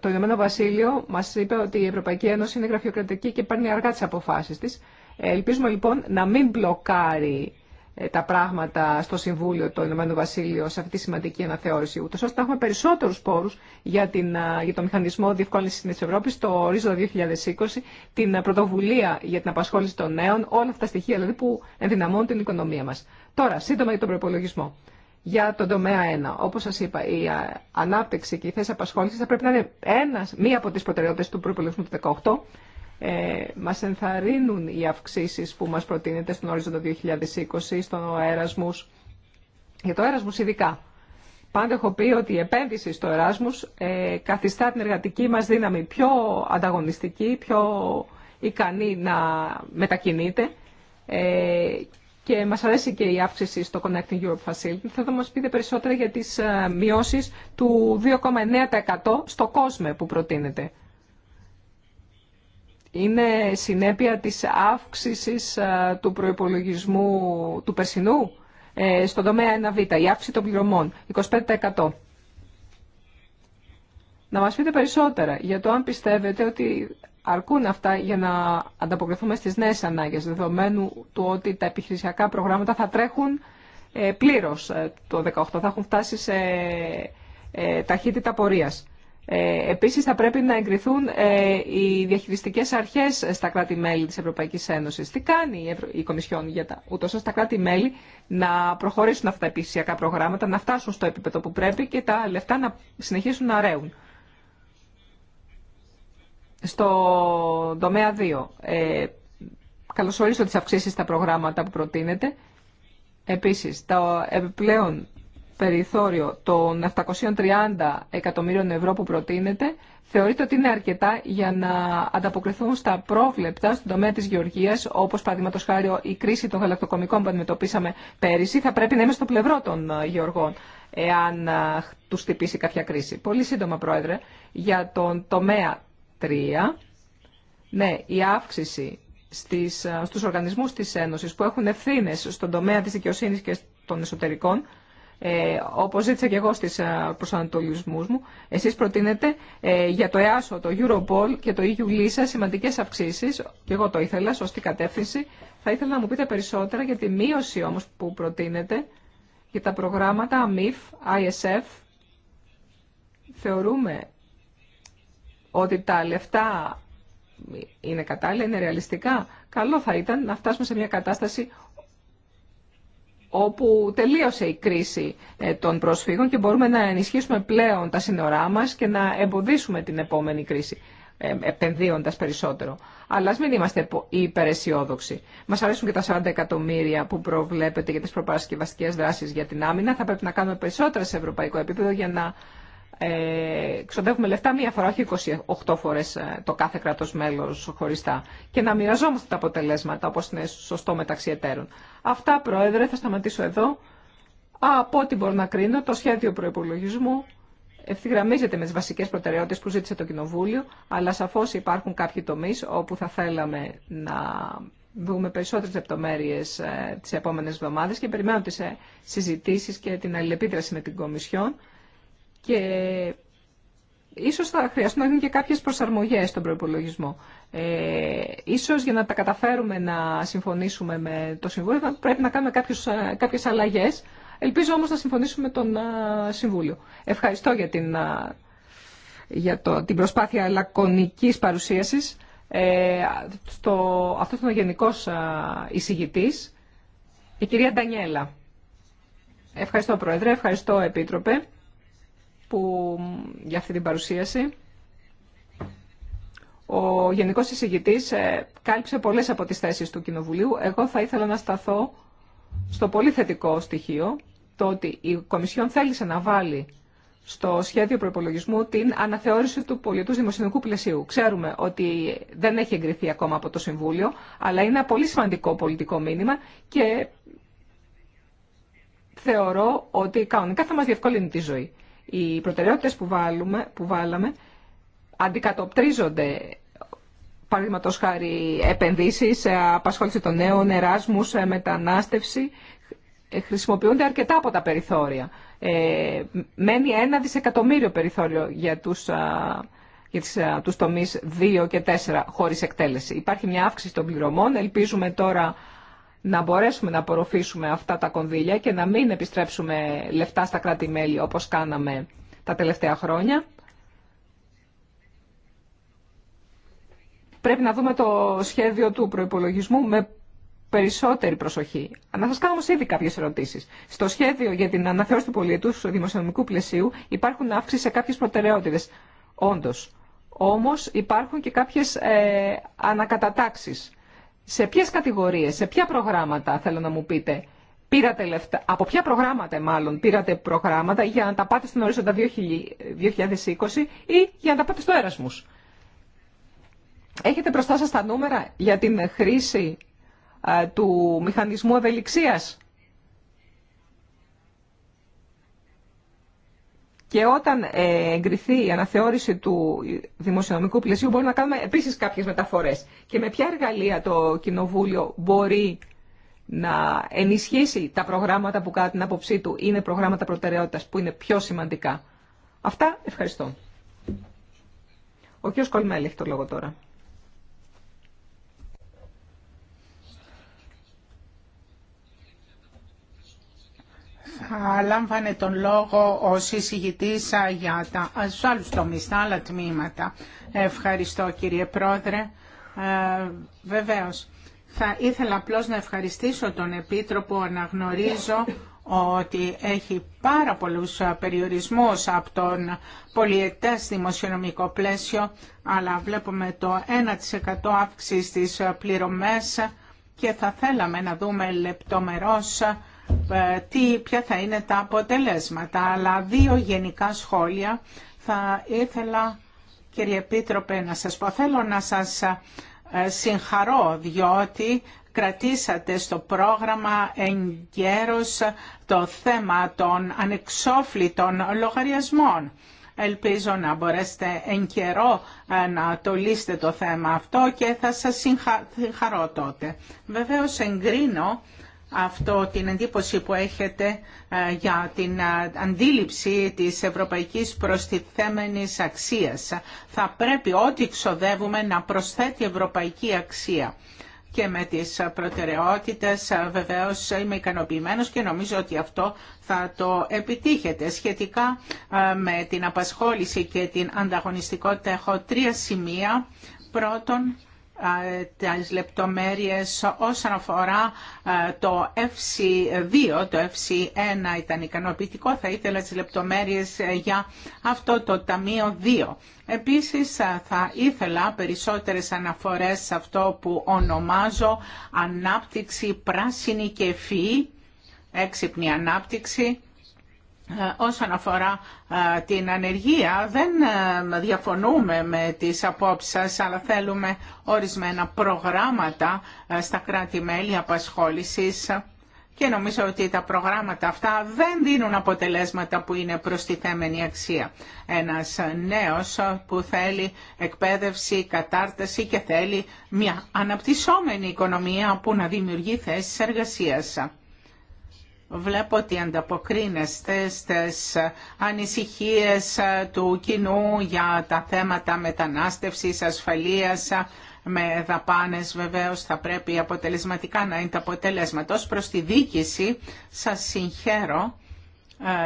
το Ηνωμένο Βασίλειο μα είπε ότι η Ευρωπαϊκή Ένωση είναι γραφειοκρατική και παίρνει αργά τι αποφάσει τη. Ε, ελπίζουμε λοιπόν να μην μπλοκάρει ε, τα πράγματα στο Συμβούλιο το Ηνωμένο Βασίλειο σε αυτή τη σημαντική αναθεώρηση, ούτω ώστε να έχουμε περισσότερου πόρου για, για το μηχανισμό διευκόλυνση τη Ευρώπη, το ορίζοντα 2020, την πρωτοβουλία για την απασχόληση των νέων, όλα αυτά τα στοιχεία δηλαδή που ενδυναμώνουν την οικονομία μα. Τώρα, σύντομα για τον προπολογισμό για τον τομέα 1. Όπως σας είπα, η ε, ανάπτυξη και η θέση απασχόλησης θα πρέπει να είναι ένας, μία από τις προτεραιότητες του προπολογισμού του 2018. Ε, μας ενθαρρύνουν οι αυξήσεις που μας προτείνεται στον ορίζοντα 2020, στον Erasmus, για το Erasmus ειδικά. Πάντα έχω πει ότι η επένδυση στο Erasmus ε, καθιστά την εργατική μας δύναμη πιο ανταγωνιστική, πιο ικανή να μετακινείται ε, και μας αρέσει και η αύξηση στο Connecting Europe Facility. Θα μας πείτε περισσότερα για τις ε, μειώσεις του 2,9% στο κόσμο που προτείνεται. Είναι συνέπεια της αύξησης ε, του προϋπολογισμού του περσινού ε, στον τομέα 1β, η αύξηση των πληρωμών, 25%. Να μας πείτε περισσότερα για το αν πιστεύετε ότι Αρκούν αυτά για να ανταποκριθούμε στις νέες ανάγκες, δεδομένου του ότι τα επιχειρησιακά προγράμματα θα τρέχουν ε, πλήρως ε, το 2018, θα έχουν φτάσει σε ε, ταχύτητα πορείας. Επίσης θα πρέπει να εγκριθούν οι διαχειριστικές αρχές στα κράτη-μέλη της Ευρωπαϊκής Ένωσης. Τι κάνει η Κομισιόν για τα ούτως ώστε τα κράτη-μέλη να προχωρήσουν αυτά τα επιχειρησιακά προγράμματα, να φτάσουν στο επίπεδο που πρέπει και τα λεφτά να συνεχίσουν να ρέουν. Στο τομέα 2, ε, καλωσορίζω τις αυξήσεις στα προγράμματα που προτείνεται. Επίσης, το επιπλέον περιθώριο των 730 εκατομμύριων ευρώ που προτείνεται θεωρείται ότι είναι αρκετά για να ανταποκριθούν στα πρόβλεπτα στον τομέα της γεωργίας, όπως παραδείγματος χάρη η κρίση των γαλακτοκομικών που αντιμετωπίσαμε πέρυσι, θα πρέπει να είμαι στο πλευρό των ε, γεωργών εάν ε, τους χτυπήσει κάποια κρίση. Πολύ σύντομα, Πρόεδρε, για τον τομέα ναι, η αύξηση στις, ε, στους οργανισμούς της Ένωσης που έχουν ευθύνε στον τομέα της δικαιοσύνης και των εσωτερικών, ε, όπως ζήτησα και εγώ στις ε, προσανατολισμούς μου, εσείς προτείνετε ε, για το ΕΑΣΟ, το Europol και το EU Lisa σημαντικές αυξήσεις, και εγώ το ήθελα, σωστή κατεύθυνση. Θα ήθελα να μου πείτε περισσότερα για τη μείωση όμως που προτείνετε για τα προγράμματα AMIF, ISF. Θεωρούμε ότι τα λεφτά είναι κατάλληλα, είναι ρεαλιστικά, καλό θα ήταν να φτάσουμε σε μια κατάσταση όπου τελείωσε η κρίση ε, των προσφύγων και μπορούμε να ενισχύσουμε πλέον τα σύνορά μας και να εμποδίσουμε την επόμενη κρίση ε, επενδύοντας περισσότερο. Αλλά ας μην είμαστε υπεραισιόδοξοι. Μας αρέσουν και τα 40 εκατομμύρια που προβλέπετε για τις προπαρασκευαστικές δράσεις για την άμυνα. Θα πρέπει να κάνουμε περισσότερα σε ευρωπαϊκό επίπεδο για να ε, ξοδεύουμε λεφτά μία φορά, όχι 28 φορές ε, το κάθε κράτος μέλος χωριστά και να μοιραζόμαστε τα αποτελέσματα όπως είναι σωστό μεταξύ εταίρων. Αυτά, Πρόεδρε, θα σταματήσω εδώ. Από ό,τι μπορώ να κρίνω, το σχέδιο προπολογισμού ευθυγραμμίζεται με τις βασικές προτεραιότητες που ζήτησε το Κοινοβούλιο, αλλά σαφώς υπάρχουν κάποιοι τομείς όπου θα θέλαμε να δούμε περισσότερες λεπτομέρειες ε, τις επόμενες εβδομάδε και περιμένω τις ε, συζητήσεις και την αλληλεπίδραση με την Κομισιόν και ίσως θα χρειαστούν να γίνουν και κάποιες προσαρμογές στον προϋπολογισμό. Ε, ίσως για να τα καταφέρουμε να συμφωνήσουμε με το Συμβούλιο θα πρέπει να κάνουμε κάποιους, κάποιες αλλαγές. Ελπίζω όμως να συμφωνήσουμε με τον Συμβούλιο. Ευχαριστώ για την, για το, την προσπάθεια λακωνικής παρουσίασης. Ε, στο, αυτό ήταν ο γενικός εισηγητής, η κυρία Ντανιέλα. Ευχαριστώ Πρόεδρε, ευχαριστώ Επίτροπε που, για αυτή την παρουσίαση. Ο Γενικός Εισηγητής ε, κάλυψε πολλές από τις θέσεις του Κοινοβουλίου. Εγώ θα ήθελα να σταθώ στο πολύ θετικό στοιχείο, το ότι η Κομισιόν θέλησε να βάλει στο σχέδιο προπολογισμού την αναθεώρηση του πολιτού δημοσιονομικού πλαισίου. Ξέρουμε ότι δεν έχει εγκριθεί ακόμα από το Συμβούλιο, αλλά είναι ένα πολύ σημαντικό πολιτικό μήνυμα και θεωρώ ότι κανονικά θα μας διευκολύνει τη ζωή. Οι προτεραιότητες που, βάλουμε, που βάλαμε αντικατοπτρίζονται παραδείγματος χάρη επενδύσεις, ε, απασχόληση των νέων, εράσμους, ε, μετανάστευση, ε, χρησιμοποιούνται αρκετά από τα περιθώρια. Ε, μένει ένα δισεκατομμύριο περιθώριο για τους, για τους τομείς 2 και 4 χωρίς εκτέλεση. Υπάρχει μια αύξηση των πληρωμών. Ελπίζουμε τώρα να μπορέσουμε να απορροφήσουμε αυτά τα κονδύλια και να μην επιστρέψουμε λεφτά στα κράτη-μέλη όπως κάναμε τα τελευταία χρόνια. Πρέπει να δούμε το σχέδιο του προϋπολογισμού με περισσότερη προσοχή. Να σας κάνω όμως ήδη κάποιες ερωτήσεις. Στο σχέδιο για την αναθεώρηση του πολιτού του δημοσιονομικού πλαισίου υπάρχουν αύξηση σε κάποιες προτεραιότητες. Όντως. Όμως υπάρχουν και κάποιες ε, ανακατατάξεις σε ποιε κατηγορίες, σε ποια προγράμματα θέλω να μου πείτε, πήρατε από ποια προγράμματα μάλλον πήρατε προγράμματα για να τα πάτε στην ορίζοντα 2020 ή για να τα πάτε στο Έρασμους. Έχετε μπροστά σα τα νούμερα για την χρήση ε, του μηχανισμού ευελιξίας Και όταν ε, εγκριθεί η αναθεώρηση του δημοσιονομικού πλαισίου μπορούμε να κάνουμε επίσης κάποιες μεταφορές. Και με ποια εργαλεία το Κοινοβούλιο μπορεί να ενισχύσει τα προγράμματα που κατά την άποψή του είναι προγράμματα προτεραιότητας που είναι πιο σημαντικά. Αυτά ευχαριστώ. Ο κ. Κολμέλη έχει το λόγο τώρα. λάμβανε τον λόγο ο συζητητής για τα άλλους τομείς, τα άλλα τμήματα. Ευχαριστώ κύριε Πρόεδρε. Ε, βεβαίως. Θα ήθελα απλώς να ευχαριστήσω τον Επίτροπο. Αναγνωρίζω ότι έχει πάρα πολλούς περιορισμούς από τον πολιετές δημοσιονομικό πλαίσιο, αλλά βλέπουμε το 1% αύξηση στις πληρωμές και θα θέλαμε να δούμε λεπτομερώς ε, τι, ποια θα είναι τα αποτελέσματα. Αλλά δύο γενικά σχόλια θα ήθελα, κύριε Επίτροπε, να σας πω. Θέλω να σας ε, συγχαρώ, διότι κρατήσατε στο πρόγραμμα εγκαίρως το θέμα των ανεξόφλητων λογαριασμών. Ελπίζω να μπορέσετε εν καιρό ε, να το λύσετε το θέμα αυτό και θα σας συγχα... συγχαρώ τότε. Βεβαίως εγκρίνω αυτό την εντύπωση που έχετε ε, για την ε, αντίληψη της ευρωπαϊκής προστιθέμενης αξίας. Θα πρέπει ό,τι ξοδεύουμε να προσθέτει ευρωπαϊκή αξία και με τις προτεραιότητες ε, βεβαίως είμαι ικανοποιημένο και νομίζω ότι αυτό θα το επιτύχετε. Σχετικά με την απασχόληση και την ανταγωνιστικότητα έχω τρία σημεία. Πρώτον, ε, τις λεπτομέρειες όσον αφορά ε, το FC2, το FC1 ήταν ικανοποιητικό, θα ήθελα τις λεπτομέρειες ε, για αυτό το Ταμείο 2. Επίσης θα ήθελα περισσότερες αναφορές σε αυτό που ονομάζω ανάπτυξη πράσινη και ευφυή, έξυπνη ανάπτυξη, ε, όσον αφορά ε, την ανεργία, δεν ε, διαφωνούμε με τις απόψεις σας, αλλά θέλουμε ορισμένα προγράμματα στα κράτη-μέλη απασχόλησης και νομίζω ότι τα προγράμματα αυτά δεν δίνουν αποτελέσματα που είναι προστιθέμενη αξία. Ένας νέος που θέλει εκπαίδευση, κατάρτιση και θέλει μια αναπτυσσόμενη οικονομία που να δημιουργεί θέσεις εργασίας. Βλέπω ότι ανταποκρίνεστε στις ανησυχίες του κοινού για τα θέματα μετανάστευσης, ασφαλείας, με δαπάνες βεβαίως θα πρέπει αποτελεσματικά να είναι τα αποτελέσματα. Ως προς τη δίκηση σας συγχαίρω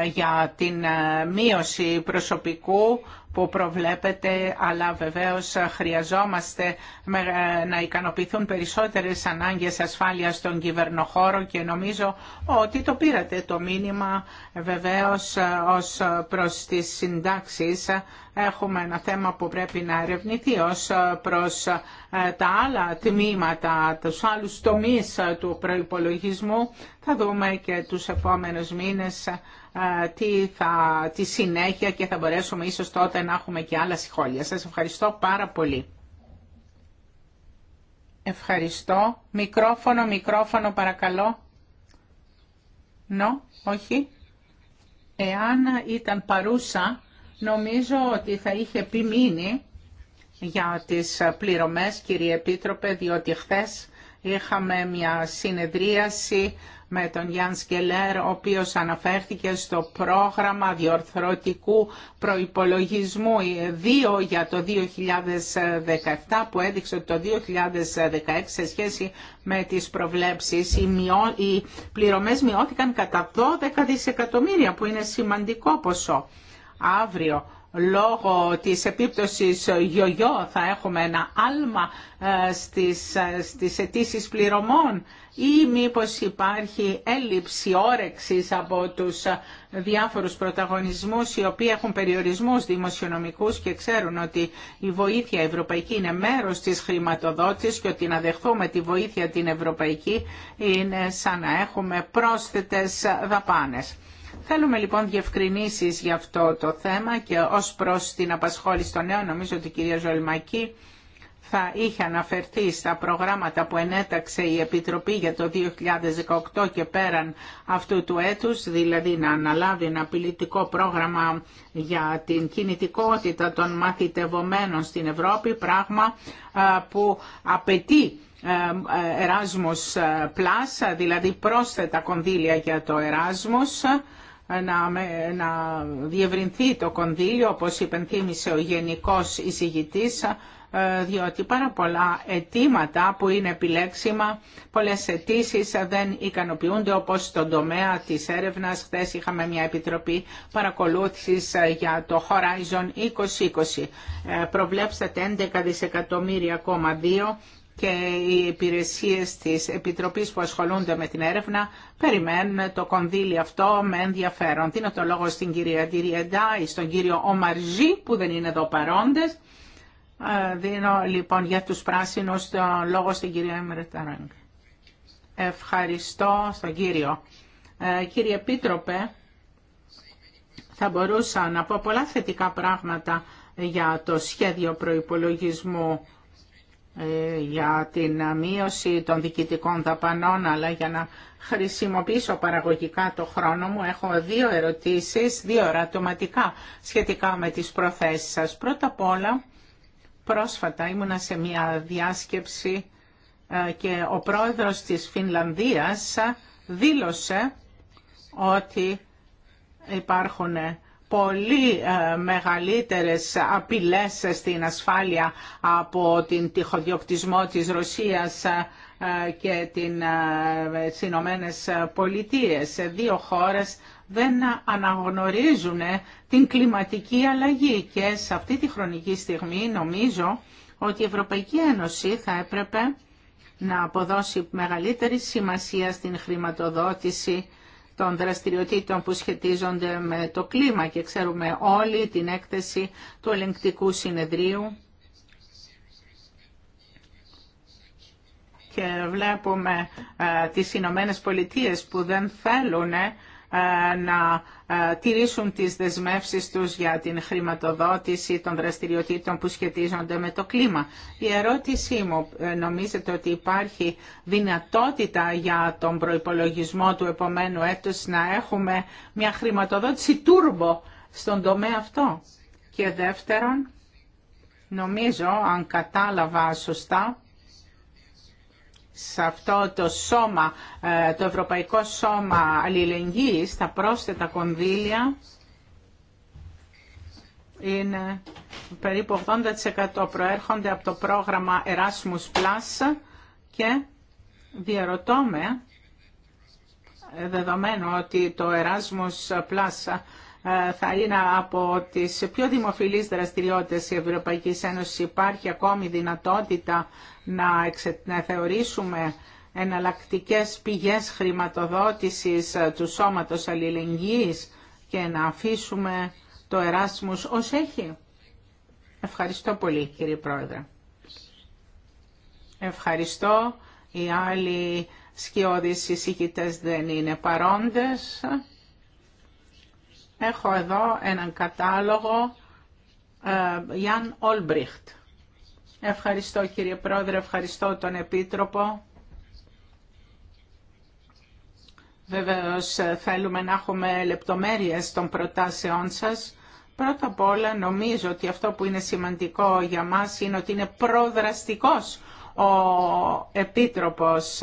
ε, για την ε, μείωση προσωπικού που προβλέπετε αλλά βεβαίως χρειαζόμαστε ε, να ικανοποιηθούν περισσότερες ανάγκες ασφάλειας στον κυβερνοχώρο και νομίζω ότι το πήρατε το μήνυμα βεβαίως ε, ως προς τις συντάξεις. Ε, έχουμε ένα θέμα που πρέπει να ερευνηθεί ως προς τα άλλα τμήματα, τους άλλους τομείς του προϋπολογισμού. Θα δούμε και τους επόμενους μήνες τι θα, τη συνέχεια και θα μπορέσουμε ίσως τότε να έχουμε και άλλα σχόλια. Σας ευχαριστώ πάρα πολύ. Ευχαριστώ. Μικρόφωνο, μικρόφωνο παρακαλώ. Νο, όχι. Εάν ήταν παρούσα, νομίζω ότι θα είχε επιμείνει για τις πληρωμές, κύριε Επίτροπε, διότι χθες είχαμε μια συνεδρίαση με τον Γιάνν Σκελέρ, ο οποίος αναφέρθηκε στο πρόγραμμα διορθωτικού προϋπολογισμού 2 ε, για το 2017 που έδειξε το 2016 σε σχέση με τις προβλέψεις οι, μειώ... πληρωμές μειώθηκαν κατά 12 δισεκατομμύρια που είναι σημαντικό ποσό. Αύριο λόγω της επίπτωσης γιογιό θα έχουμε ένα άλμα ε, στις, ε, στις αιτήσει πληρωμών ή μήπως υπάρχει έλλειψη όρεξης από τους ε, διάφορους πρωταγωνισμούς οι οποίοι έχουν περιορισμούς δημοσιονομικούς και ξέρουν ότι η βοήθεια ευρωπαϊκή είναι μέρος της χρηματοδότησης και ότι να δεχθούμε τη βοήθεια την ευρωπαϊκή είναι σαν να έχουμε πρόσθετες δαπάνες. Θέλουμε λοιπόν διευκρινήσεις για αυτό το θέμα και ως προς την απασχόληση των νέων νομίζω ότι η κυρία Ζολμακή θα είχε αναφερθεί στα προγράμματα που ενέταξε η Επιτροπή για το 2018 και πέραν αυτού του έτους, δηλαδή να αναλάβει ένα πολιτικό πρόγραμμα για την κινητικότητα των μαθητευομένων στην Ευρώπη, πράγμα που απαιτεί ε, ε, Erasmus πλάσα, ε, δηλαδή πρόσθετα κονδύλια για το Erasmus να, να διευρυνθεί το κονδύλιο, όπως υπενθύμησε ο Γενικός Εισηγητής, ε, διότι πάρα πολλά αιτήματα που είναι επιλέξιμα, πολλές αιτήσει δεν ικανοποιούνται όπως στον τομέα της έρευνας. Χθε είχαμε μια επιτροπή παρακολούθησης ε, για το Horizon 2020. Ε, προβλέψατε 11 δισεκατομμύρια ακόμα και οι υπηρεσίες της Επιτροπής που ασχολούνται με την έρευνα περιμένουν το κονδύλι αυτό με ενδιαφέρον. Δίνω το λόγο στην κυρία Ντιριεντά ή στον κύριο Ομαρζή που δεν είναι εδώ παρόντες. Ε, δίνω λοιπόν για τους πράσινους το λόγο στην κυρία Εμρεταραγκ. Ευχαριστώ στον κύριο. Ε, κύριε Επίτροπε, θα μπορούσα να πω πολλά θετικά πράγματα για το σχέδιο προϋπολογισμού ε, για την μείωση των διοικητικών δαπανών, αλλά για να χρησιμοποιήσω παραγωγικά το χρόνο μου, έχω δύο ερωτήσεις, δύο ερωτηματικά σχετικά με τις προθέσεις σας. Πρώτα απ' όλα, πρόσφατα ήμουνα σε μια διάσκεψη ε, και ο πρόεδρος της Φινλανδίας δήλωσε ότι υπάρχουν πολύ ε, μεγαλύτερες απειλές στην ασφάλεια από την τυχοδιοκτισμό της Ρωσίας ε, και την ε, Ηνωμένε Πολιτείε. Δύο χώρες δεν αναγνωρίζουν την κλιματική αλλαγή και σε αυτή τη χρονική στιγμή νομίζω ότι η Ευρωπαϊκή Ένωση θα έπρεπε να αποδώσει μεγαλύτερη σημασία στην χρηματοδότηση των δραστηριοτήτων που σχετίζονται με το κλίμα και ξέρουμε όλη την έκθεση του ελεγκτικού συνεδρίου και βλέπουμε ε, τις Ηνωμένε Πολιτείες που δεν θέλουν ε, να ε, τηρήσουν τις δεσμεύσεις τους για την χρηματοδότηση των δραστηριοτήτων που σχετίζονται με το κλίμα. Η ερώτησή μου, ε, νομίζετε ότι υπάρχει δυνατότητα για τον προϋπολογισμό του επομένου έτους να έχουμε μια χρηματοδότηση τούρμπο στον τομέα αυτό. Και δεύτερον, νομίζω, αν κατάλαβα σωστά, σε αυτό το σώμα, ε, το Ευρωπαϊκό Σώμα Αλληλεγγύης, τα πρόσθετα κονδύλια είναι περίπου 80% προέρχονται από το πρόγραμμα Erasmus Plus και διαρωτώ με, δεδομένου ότι το Erasmus Plus ε, θα είναι από τις πιο δημοφιλείς δραστηριότητες της Ευρωπαϊκής Ένωσης. Υπάρχει ακόμη δυνατότητα να, να θεωρήσουμε εναλλακτικές πηγές χρηματοδότησης ε, του σώματος αλληλεγγύης και να αφήσουμε το Εράσμους ως έχει. Ευχαριστώ πολύ κύριε Πρόεδρε. Ευχαριστώ. Οι άλλοι σκιώδεις εισηγητές δεν είναι παρόντες. Έχω εδώ έναν κατάλογο ε, Γιάν Ολμπριχτ. Ευχαριστώ κύριε Πρόεδρε, ευχαριστώ τον Επίτροπο. Βεβαίως ε, θέλουμε να έχουμε λεπτομέρειες των προτάσεών σας. Πρώτα απ' όλα νομίζω ότι αυτό που είναι σημαντικό για μας είναι ότι είναι προδραστικός ο Επίτροπος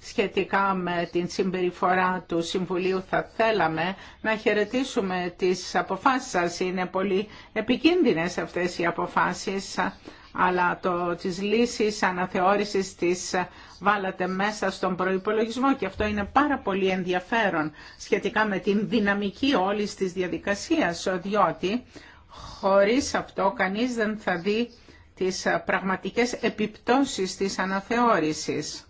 σχετικά με την συμπεριφορά του Συμβουλίου θα θέλαμε να χαιρετήσουμε τις αποφάσεις σας. Είναι πολύ επικίνδυνες αυτές οι αποφάσεις, αλλά το, τις λύσεις αναθεώρησης τις βάλατε μέσα στον προϋπολογισμό και αυτό είναι πάρα πολύ ενδιαφέρον σχετικά με την δυναμική όλης της διαδικασίας, διότι χωρίς αυτό κανείς δεν θα δει τις πραγματικές επιπτώσεις της αναθεώρησης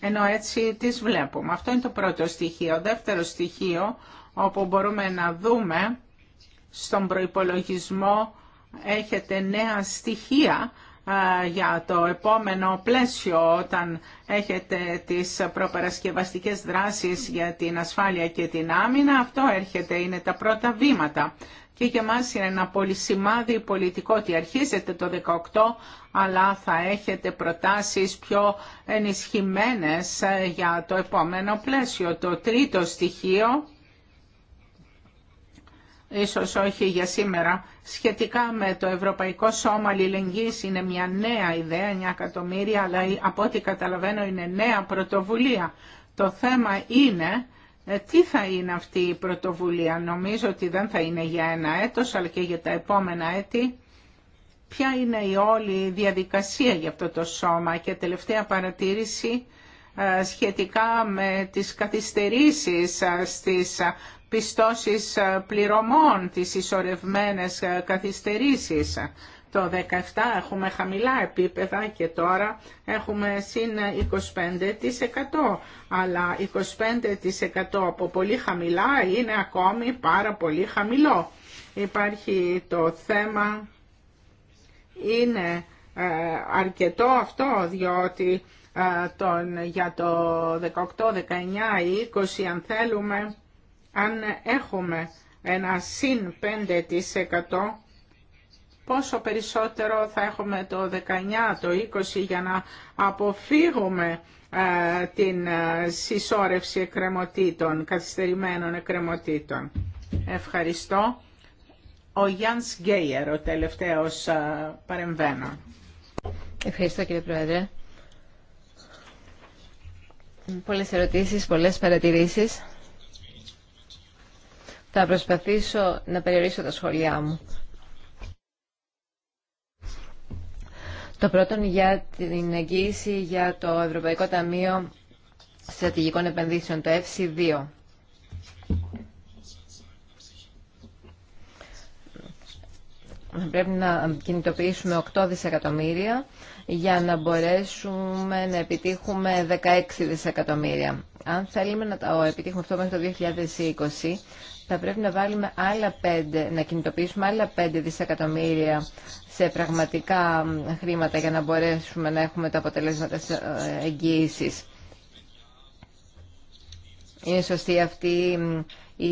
ενώ έτσι τις βλέπουμε. Αυτό είναι το πρώτο στοιχείο. Δεύτερο στοιχείο όπου μπορούμε να δούμε στον προϋπολογισμό έχετε νέα στοιχεία για το επόμενο πλαίσιο όταν έχετε τις προπαρασκευαστικές δράσεις για την ασφάλεια και την άμυνα. Αυτό έρχεται, είναι τα πρώτα βήματα και για μας είναι ένα πολύ σημάδι πολιτικό ότι αρχίζετε το 18 αλλά θα έχετε προτάσεις πιο ενισχυμένες ε, για το επόμενο πλαίσιο. Το τρίτο στοιχείο, ίσως όχι για σήμερα, σχετικά με το Ευρωπαϊκό Σώμα Αλληλεγγύης είναι μια νέα ιδέα, 9 εκατομμύρια, αλλά από ό,τι καταλαβαίνω είναι νέα πρωτοβουλία. Το θέμα είναι ε, τι θα είναι αυτή η πρωτοβουλία. Νομίζω ότι δεν θα είναι για ένα έτος, αλλά και για τα επόμενα έτη. Ποια είναι η όλη διαδικασία για αυτό το σώμα και τελευταία παρατήρηση ε, σχετικά με τις καθυστερήσεις ε, στις πιστώσεις πληρωμών, τις ισορευμένες καθυστερήσεις. Το 17 έχουμε χαμηλά επίπεδα και τώρα έχουμε συν 25%. Αλλά 25% από πολύ χαμηλά είναι ακόμη πάρα πολύ χαμηλό. Υπάρχει το θέμα, είναι ε, αρκετό αυτό διότι ε, τον, για το 18, 19 ή 20 αν θέλουμε, αν έχουμε ένα συν 5% πόσο περισσότερο θα έχουμε το 19, το 20 για να αποφύγουμε ε, την ε, συσσόρευση εκκρεμωτήτων, καθυστερημένων εκκρεμωτήτων. Ευχαριστώ. Ο Γιάνς Γκέιερ, ο τελευταίος ε, παρεμβαίνω. Ευχαριστώ κύριε Πρόεδρε. Πολλές ερωτήσεις, πολλές παρατηρήσεις. Θα προσπαθήσω να περιορίσω τα σχόλιά μου. Το πρώτο για την εγγύηση για το Ευρωπαϊκό Ταμείο Στρατηγικών Επενδύσεων, το FC2. Πρέπει να κινητοποιήσουμε 8 δισεκατομμύρια για να μπορέσουμε να επιτύχουμε 16 δισεκατομμύρια. Αν θέλουμε να το επιτύχουμε αυτό μέχρι το 2020, θα πρέπει να βάλουμε άλλα 5, να κινητοποιήσουμε άλλα 5 δισεκατομμύρια σε πραγματικά χρήματα για να μπορέσουμε να έχουμε τα αποτελέσματα της ε, εγγύησης. Είναι σωστή αυτή η,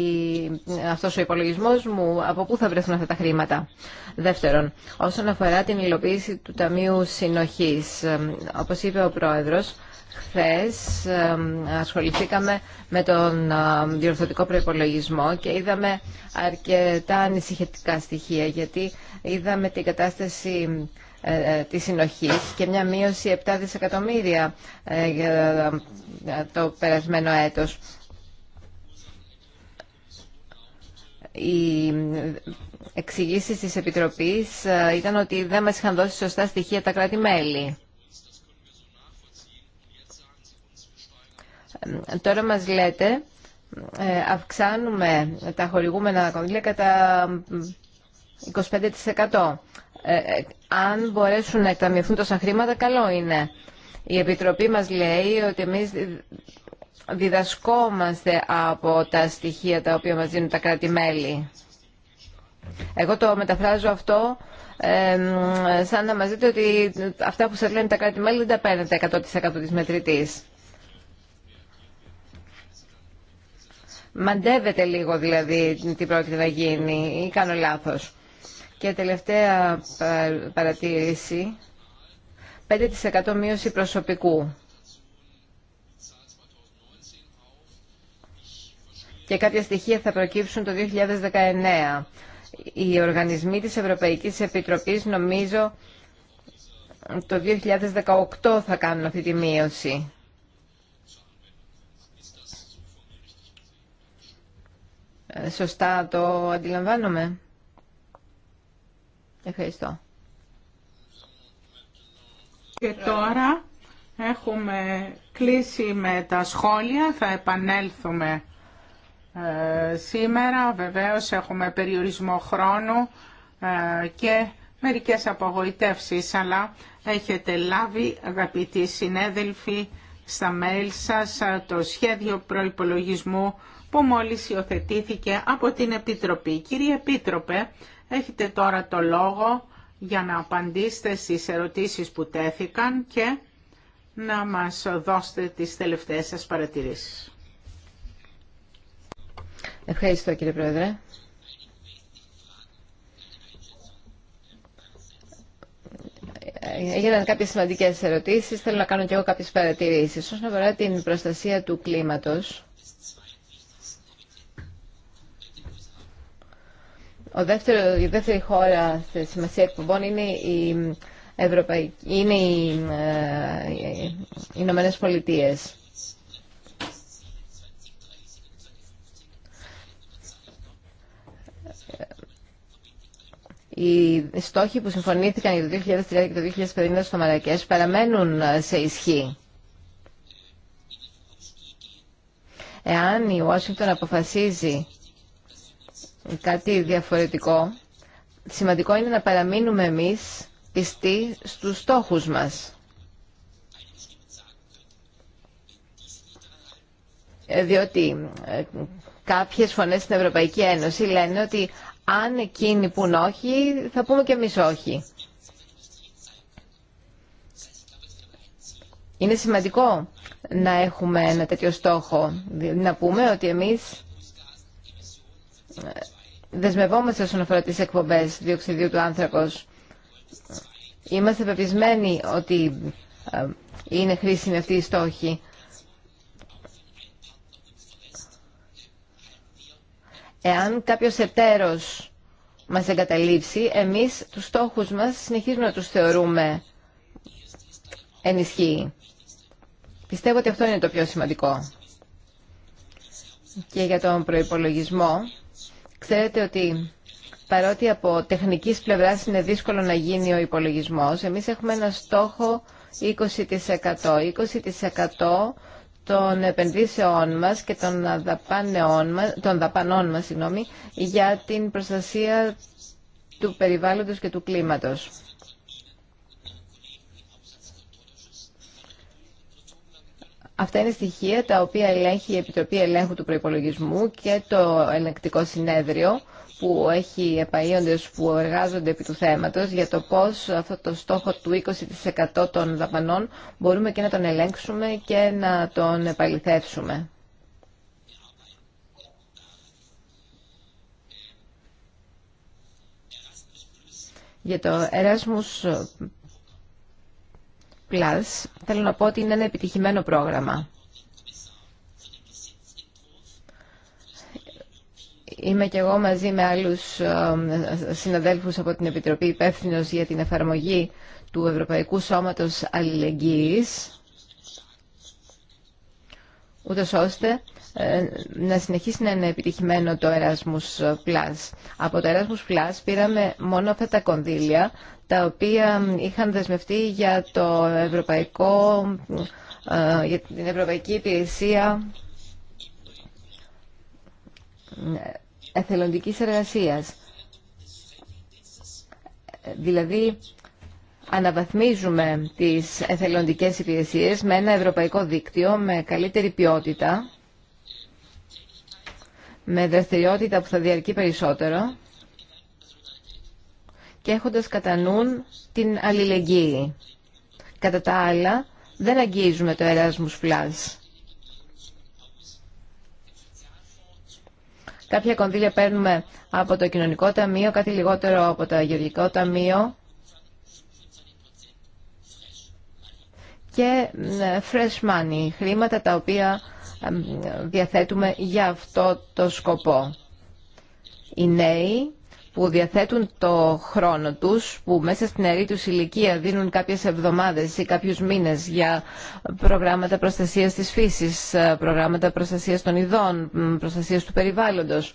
αυτός ο υπολογισμός μου, από πού θα βρεθούν αυτά τα χρήματα. Δεύτερον, όσον αφορά την υλοποίηση του Ταμείου Συνοχής, ε, όπως είπε ο Πρόεδρος, Χθες ασχοληθήκαμε με τον διορθωτικό προϋπολογισμό και είδαμε αρκετά ανησυχητικά στοιχεία γιατί είδαμε την κατάσταση ε, ε, της συνοχής και μια μείωση 7 δισεκατομμύρια ε, το περασμένο έτος. Οι εξηγήσει της Επιτροπής ήταν ότι δεν μας είχαν δώσει σωστά στοιχεία τα κράτη-μέλη. Τώρα μας λέτε ε, αυξάνουμε τα χορηγούμενα κονδύλια κατά 25%. Ε, ε, αν μπορέσουν να εκταμιευθούν τόσα χρήματα, καλό είναι. Η Επιτροπή μας λέει ότι εμείς διδασκόμαστε από τα στοιχεία τα οποία μας δίνουν τα κράτη-μέλη. Εγώ το μεταφράζω αυτό σαν να μας δείτε ότι αυτά που σας λένε τα κράτη-μέλη δεν τα παίρνετε 100% της μετρητής. Μαντεύεται λίγο δηλαδή τι πρόκειται να γίνει ή κάνω λάθος. Και τελευταία παρατήρηση, 5% μείωση προσωπικού. Και κάποια στοιχεία θα προκύψουν το 2019. Οι οργανισμοί της Ευρωπαϊκής Επιτροπής νομίζω το 2018 θα κάνουν αυτή τη μείωση. Ε, σωστά το αντιλαμβάνομαι. Ευχαριστώ. Και τώρα έχουμε κλείσει με τα σχόλια. Θα επανέλθουμε ε, σήμερα. Βεβαίως έχουμε περιορισμό χρόνου ε, και μερικές απογοητεύσεις, αλλά έχετε λάβει, αγαπητοί συνέδελφοι, στα mail σας το σχέδιο προϋπολογισμού που μόλις υιοθετήθηκε από την Επιτροπή. Κύριε Επίτροπε, έχετε τώρα το λόγο για να απαντήσετε στις ερωτήσεις που τέθηκαν και να μας δώσετε τις τελευταίες σας παρατηρήσεις. Ευχαριστώ κύριε Πρόεδρε. Έγιναν κάποιες σημαντικές ερωτήσεις, θέλω να κάνω και εγώ κάποιες παρατηρήσεις. Όσον αφορά την προστασία του κλίματος, Ο δεύτερο, η δεύτερη χώρα σε σημασία εκπομπών είναι η Ευρωπαϊκή, είναι ε, οι, Ηνωμένε Πολιτείε. Οι στόχοι που συμφωνήθηκαν για το 2030 και το 2050 στο Μαρακές παραμένουν σε ισχύ. Εάν η Ουάσιγκτον αποφασίζει κάτι διαφορετικό. Σημαντικό είναι να παραμείνουμε εμείς πιστοί στους στόχους μας. Ε, διότι ε, κάποιες φωνές στην Ευρωπαϊκή Ένωση λένε ότι αν εκείνοι πουν όχι, θα πούμε και εμείς όχι. Είναι σημαντικό να έχουμε ένα τέτοιο στόχο, να πούμε ότι εμείς δεσμευόμαστε όσον αφορά τις εκπομπές διοξιδίου του άνθρακος. Είμαστε πεπισμένοι ότι ε, είναι χρήσιμη αυτή η στόχη. Εάν κάποιος εταίρος μας εγκαταλείψει, εμείς τους στόχους μας συνεχίζουμε να τους θεωρούμε ενισχύει. Πιστεύω ότι αυτό είναι το πιο σημαντικό. Και για τον προϋπολογισμό, Ξέρετε ότι παρότι από τεχνικής πλευράς είναι δύσκολο να γίνει ο υπολογισμός, εμείς έχουμε ένα στόχο 20%. 20% των επενδύσεών μας και των, μας, των δαπανών μας συγγνώμη, για την προστασία του περιβάλλοντος και του κλίματος. Αυτά είναι στοιχεία τα οποία ελέγχει η Επιτροπή Ελέγχου του προπολογισμού και το Ελεγκτικό Συνέδριο που έχει επαείοντες που εργάζονται επί του θέματος για το πώς αυτό το στόχο του 20% των δαπανών μπορούμε και να τον ελέγξουμε και να τον επαληθεύσουμε. Για το Erasmus Plus, θέλω να πω ότι είναι ένα επιτυχημένο πρόγραμμα. Είμαι και εγώ μαζί με άλλους συναδέλφους από την Επιτροπή υπεύθυνο για την εφαρμογή του Ευρωπαϊκού Σώματος Αλληλεγγύης ούτως ώστε ε, να συνεχίσει να είναι επιτυχημένο το Erasmus Plus. Από το Erasmus Plus πήραμε μόνο αυτά τα κονδύλια τα οποία είχαν δεσμευτεί για, το ευρωπαϊκό, ε, για την Ευρωπαϊκή Υπηρεσία Εθελοντικής Εργασίας. Ε, δηλαδή, αναβαθμίζουμε τις εθελοντικές υπηρεσίες με ένα ευρωπαϊκό δίκτυο με καλύτερη ποιότητα, με δραστηριότητα που θα διαρκεί περισσότερο και έχοντας κατά νου την αλληλεγγύη. Κατά τα άλλα, δεν αγγίζουμε το Erasmus Plus. Κάποια κονδύλια παίρνουμε από το Κοινωνικό Ταμείο, κάτι λιγότερο από το Γεωργικό Ταμείο και fresh money, χρήματα τα οποία διαθέτουμε για αυτό το σκοπό. Οι νέοι που διαθέτουν το χρόνο τους, που μέσα στην αιρή τους ηλικία δίνουν κάποιες εβδομάδες ή κάποιους μήνες για προγράμματα προστασίας της φύσης, ε, προγράμματα προστασίας των ειδών, προστασίας του περιβάλλοντος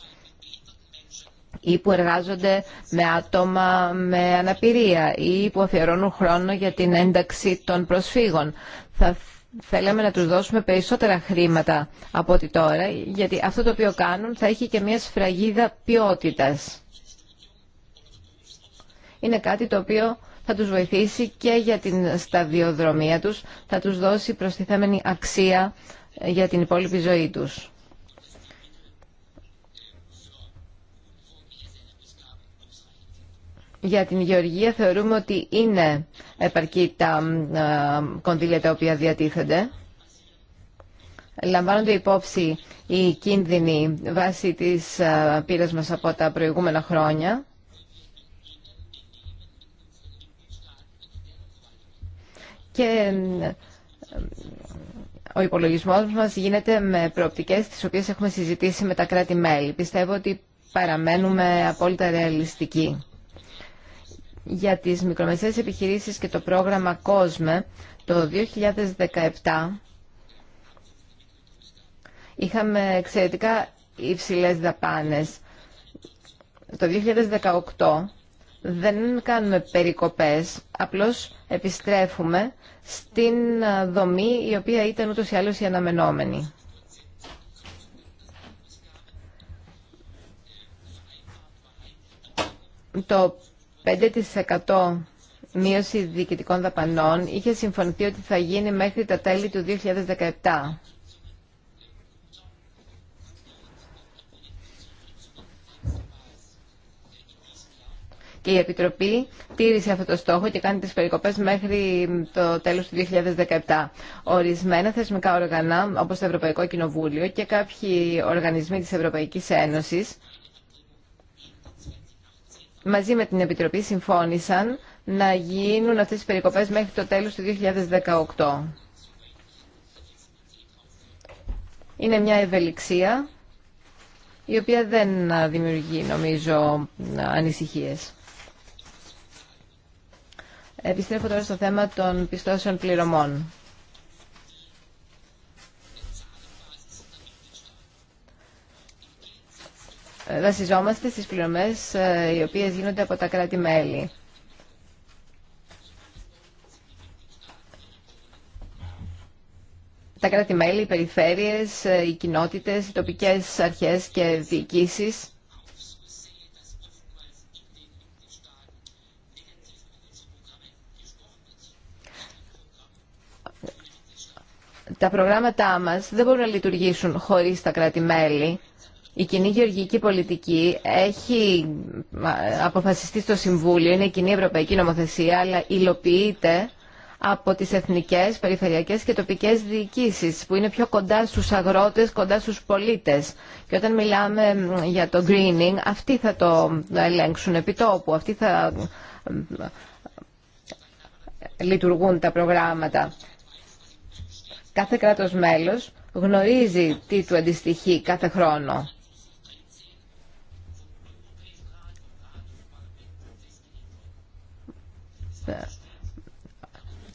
ή που εργάζονται με άτομα με αναπηρία ή που αφιερώνουν χρόνο για την ένταξη των προσφύγων. Θα θέλαμε να τους δώσουμε περισσότερα χρήματα από ό,τι τώρα, γιατί αυτό το οποίο κάνουν θα έχει και μια σφραγίδα ποιότητας. Είναι κάτι το οποίο θα τους βοηθήσει και για την σταδιοδρομία τους, θα τους δώσει προστιθέμενη αξία για την υπόλοιπη ζωή τους. Για την γεωργία θεωρούμε ότι είναι επαρκή τα ε, κονδύλια τα οποία διατίθενται. Λαμβάνονται υπόψη οι κίνδυνοι βάσει της ε, πείρας μας από τα προηγούμενα χρόνια. Και ο υπολογισμός μας γίνεται με προοπτικές τις οποίες έχουμε συζητήσει με τα κράτη-μέλη. Πιστεύω ότι παραμένουμε απόλυτα ρεαλιστικοί για τις μικρομεσαίες επιχειρήσεις και το πρόγραμμα COSME το 2017 είχαμε εξαιρετικά υψηλές δαπάνες. Το 2018 δεν κάνουμε περικοπές, απλώς επιστρέφουμε στην δομή η οποία ήταν ούτως ή άλλως η αναμενόμενη. Το 5% μείωση διοικητικών δαπανών είχε συμφωνηθεί ότι θα γίνει μέχρι τα τέλη του 2017. Και η Επιτροπή τήρησε αυτό το στόχο και κάνει τις περικοπές μέχρι το τέλος του 2017. Ορισμένα θεσμικά όργανα, όπως το Ευρωπαϊκό Κοινοβούλιο και κάποιοι οργανισμοί της Ευρωπαϊκής Ένωσης, μαζί με την Επιτροπή συμφώνησαν να γίνουν αυτές οι περικοπές μέχρι το τέλος του 2018. Είναι μια ευελιξία η οποία δεν δημιουργεί νομίζω ανησυχίες. Επιστρέφω τώρα στο θέμα των πιστώσεων πληρωμών. Ε, βασιζόμαστε στις πληρωμές ε, οι οποίες γίνονται από τα κράτη-μέλη. Τα κράτη-μέλη, οι περιφέρειες, ε, οι κοινότητες, οι τοπικές αρχές και διοικήσεις Τα προγράμματά μας δεν μπορούν να λειτουργήσουν χωρίς τα κράτη-μέλη. Η κοινή γεωργική πολιτική έχει αποφασιστεί στο Συμβούλιο, είναι η κοινή ευρωπαϊκή νομοθεσία, αλλά υλοποιείται από τις εθνικές, περιφερειακές και τοπικές διοικήσεις που είναι πιο κοντά στους αγρότες, κοντά στους πολίτες. Και όταν μιλάμε για το greening, αυτοί θα το ελέγξουν επί τόπου, αυτοί θα λειτουργούν τα προγράμματα. Κάθε κράτος μέλος γνωρίζει τι του αντιστοιχεί κάθε χρόνο.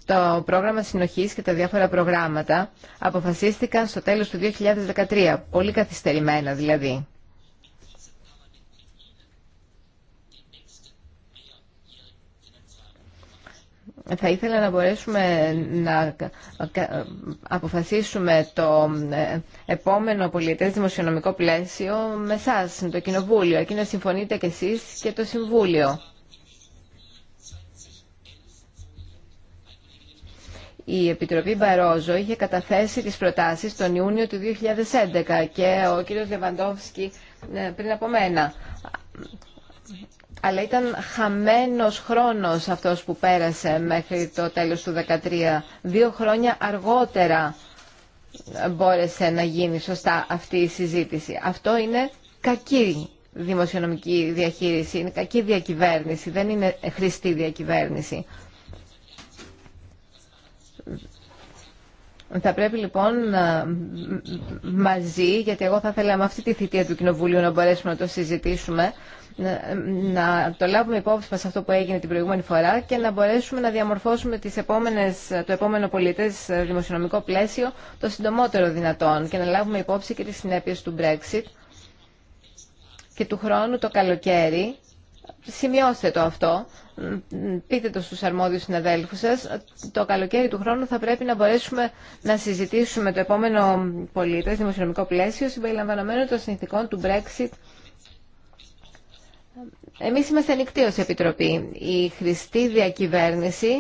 το πρόγραμμα συνοχής και τα διάφορα προγράμματα αποφασίστηκαν στο τέλος του 2013, πολύ καθυστερημένα δηλαδή. Θα ήθελα να μπορέσουμε να αποφασίσουμε το ε, επόμενο πολιτεύσιο δημοσιονομικό πλαίσιο με εσάς, το Κοινοβούλιο. Εκεί να συμφωνείτε κι εσείς και το Συμβούλιο. Η Επιτροπή Μπαρόζο είχε καταθέσει τις προτάσεις τον Ιούνιο του 2011 και ο κύριος Λεβαντόφσκι ε, πριν από μένα. Αλλά ήταν χαμένος χρόνος αυτός που πέρασε μέχρι το τέλος του 2013. Δύο χρόνια αργότερα μπόρεσε να γίνει σωστά αυτή η συζήτηση. Αυτό είναι κακή δημοσιονομική διαχείριση, είναι κακή διακυβέρνηση, δεν είναι χρηστή διακυβέρνηση. Θα πρέπει λοιπόν μαζί, γιατί εγώ θα ήθελα με αυτή τη θητεία του Κοινοβουλίου να μπορέσουμε να το συζητήσουμε, να το λάβουμε υπόψη μας αυτό που έγινε την προηγούμενη φορά και να μπορέσουμε να διαμορφώσουμε τις επόμενες, το επόμενο πολιτές δημοσιονομικό πλαίσιο το συντομότερο δυνατόν και να λάβουμε υπόψη και τις συνέπειες του Brexit και του χρόνου το καλοκαίρι Σημειώστε το αυτό, πείτε το στους αρμόδιους συναδέλφους σας. Το καλοκαίρι του χρόνου θα πρέπει να μπορέσουμε να συζητήσουμε το επόμενο πολίτες, δημοσιονομικό πλαίσιο, συμπεριλαμβανομένο των συνθηκών του Brexit εμείς είμαστε ανοιχτοί ως Επιτροπή. Η χρηστή διακυβέρνηση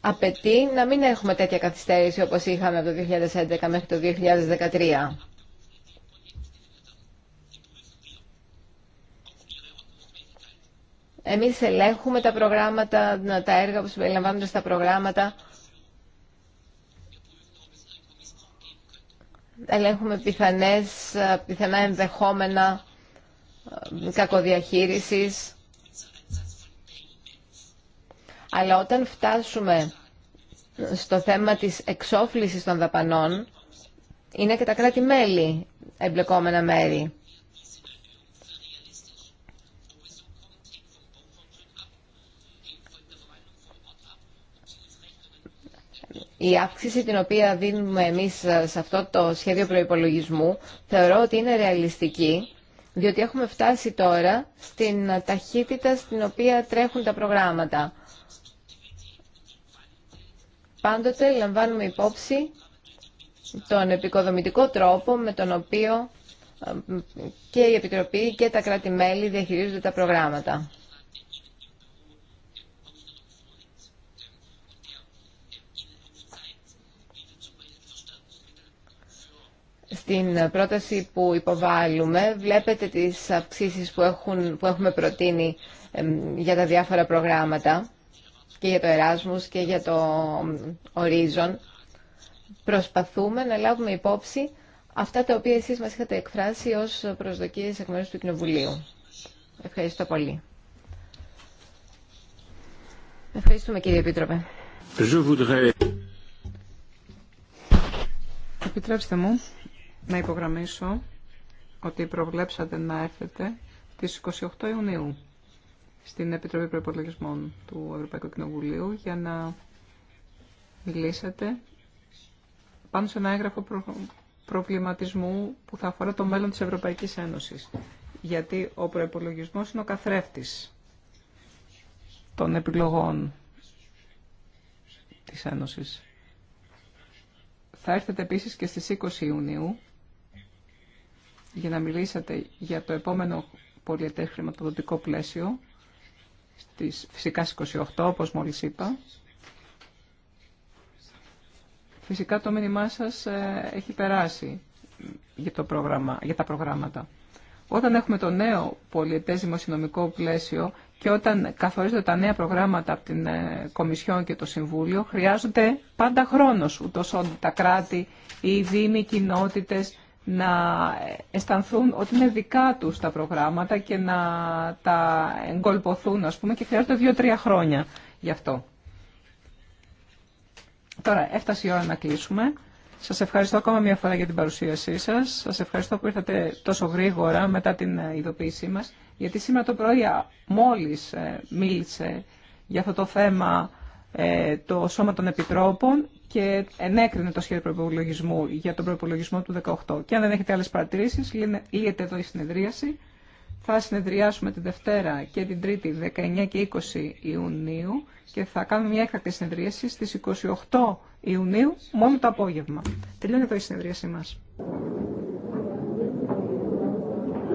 απαιτεί να μην έχουμε τέτοια καθυστέρηση όπως είχαμε από το 2011 μέχρι το 2013. Εμείς ελέγχουμε τα προγράμματα, τα έργα που συμπεριλαμβάνονται στα προγράμματα. Ελέγχουμε πιθανές, πιθανά ενδεχόμενα ε, κακοδιαχείρισης. Αλλά όταν φτάσουμε στο θέμα της εξόφλησης των δαπανών, είναι και τα κράτη-μέλη εμπλεκόμενα μέρη. Η αύξηση την οποία δίνουμε εμείς σε αυτό το σχέδιο προϋπολογισμού θεωρώ ότι είναι ρεαλιστική, διότι έχουμε φτάσει τώρα στην ταχύτητα στην οποία τρέχουν τα προγράμματα. Πάντοτε λαμβάνουμε υπόψη τον επικοδομητικό τρόπο με τον οποίο και η Επιτροπή και τα κράτη-μέλη διαχειρίζονται τα προγράμματα. Στην πρόταση που υποβάλλουμε βλέπετε τις αυξήσεις που, που έχουμε προτείνει για τα διάφορα προγράμματα και για το Εράσμους και για το Ορίζον, προσπαθούμε να λάβουμε υπόψη αυτά τα οποία εσείς μας είχατε εκφράσει ως προσδοκίες εκ μέρους του Κοινοβουλίου. Ευχαριστώ πολύ. Ευχαριστούμε κύριε Επίτροπε. Επιτρέψτε μου να υπογραμμίσω ότι προβλέψατε να έρθετε τις 28 Ιουνίου στην Επιτροπή Προπολογισμών του Ευρωπαϊκού Κοινοβουλίου για να μιλήσετε πάνω σε ένα έγγραφο προβληματισμού που θα αφορά το μέλλον της Ευρωπαϊκής Ένωσης. Γιατί ο προϋπολογισμός είναι ο καθρέφτης των επιλογών της Ένωσης. Θα έρθετε επίσης και στις 20 Ιουνίου για να μιλήσετε για το επόμενο πολιετές χρηματοδοτικό πλαίσιο στις, φυσικά στις 28, όπως μόλις είπα. Φυσικά το μήνυμά σας ε, έχει περάσει για, το πρόγραμμα, για τα προγράμματα. Όταν έχουμε το νέο πολιετές δημοσιονομικό πλαίσιο και όταν καθορίζονται τα νέα προγράμματα από την ε, Κομισιόν και το Συμβούλιο, χρειάζονται πάντα χρόνος, ούτως όντι τα κράτη, οι δήμοι, οι κοινότητες, να αισθανθούν ότι είναι δικά τους τα προγράμματα και να τα εγκολποθούν, ας πούμε, και χρειάζονται δύο-τρία χρόνια γι' αυτό. Τώρα, έφτασε η ώρα να κλείσουμε. Σας ευχαριστώ ακόμα μια φορά για την παρουσίασή σας. Σας ευχαριστώ που ήρθατε τόσο γρήγορα μετά την ε, ειδοποίησή μας, γιατί σήμερα το πρωί μόλις ε, μίλησε για αυτό το θέμα ε, το Σώμα των Επιτρόπων και ενέκρινε το σχέδιο προπολογισμού για τον προπολογισμό του 2018. Και αν δεν έχετε άλλε παρατηρήσει, λύεται εδώ η συνεδρίαση. Θα συνεδριάσουμε τη Δευτέρα και την Τρίτη 19 και 20 Ιουνίου και θα κάνουμε μια έκτακτη συνεδρίαση στις 28 Ιουνίου μόνο το απόγευμα. Τελειώνει εδώ η συνεδρίασή μας.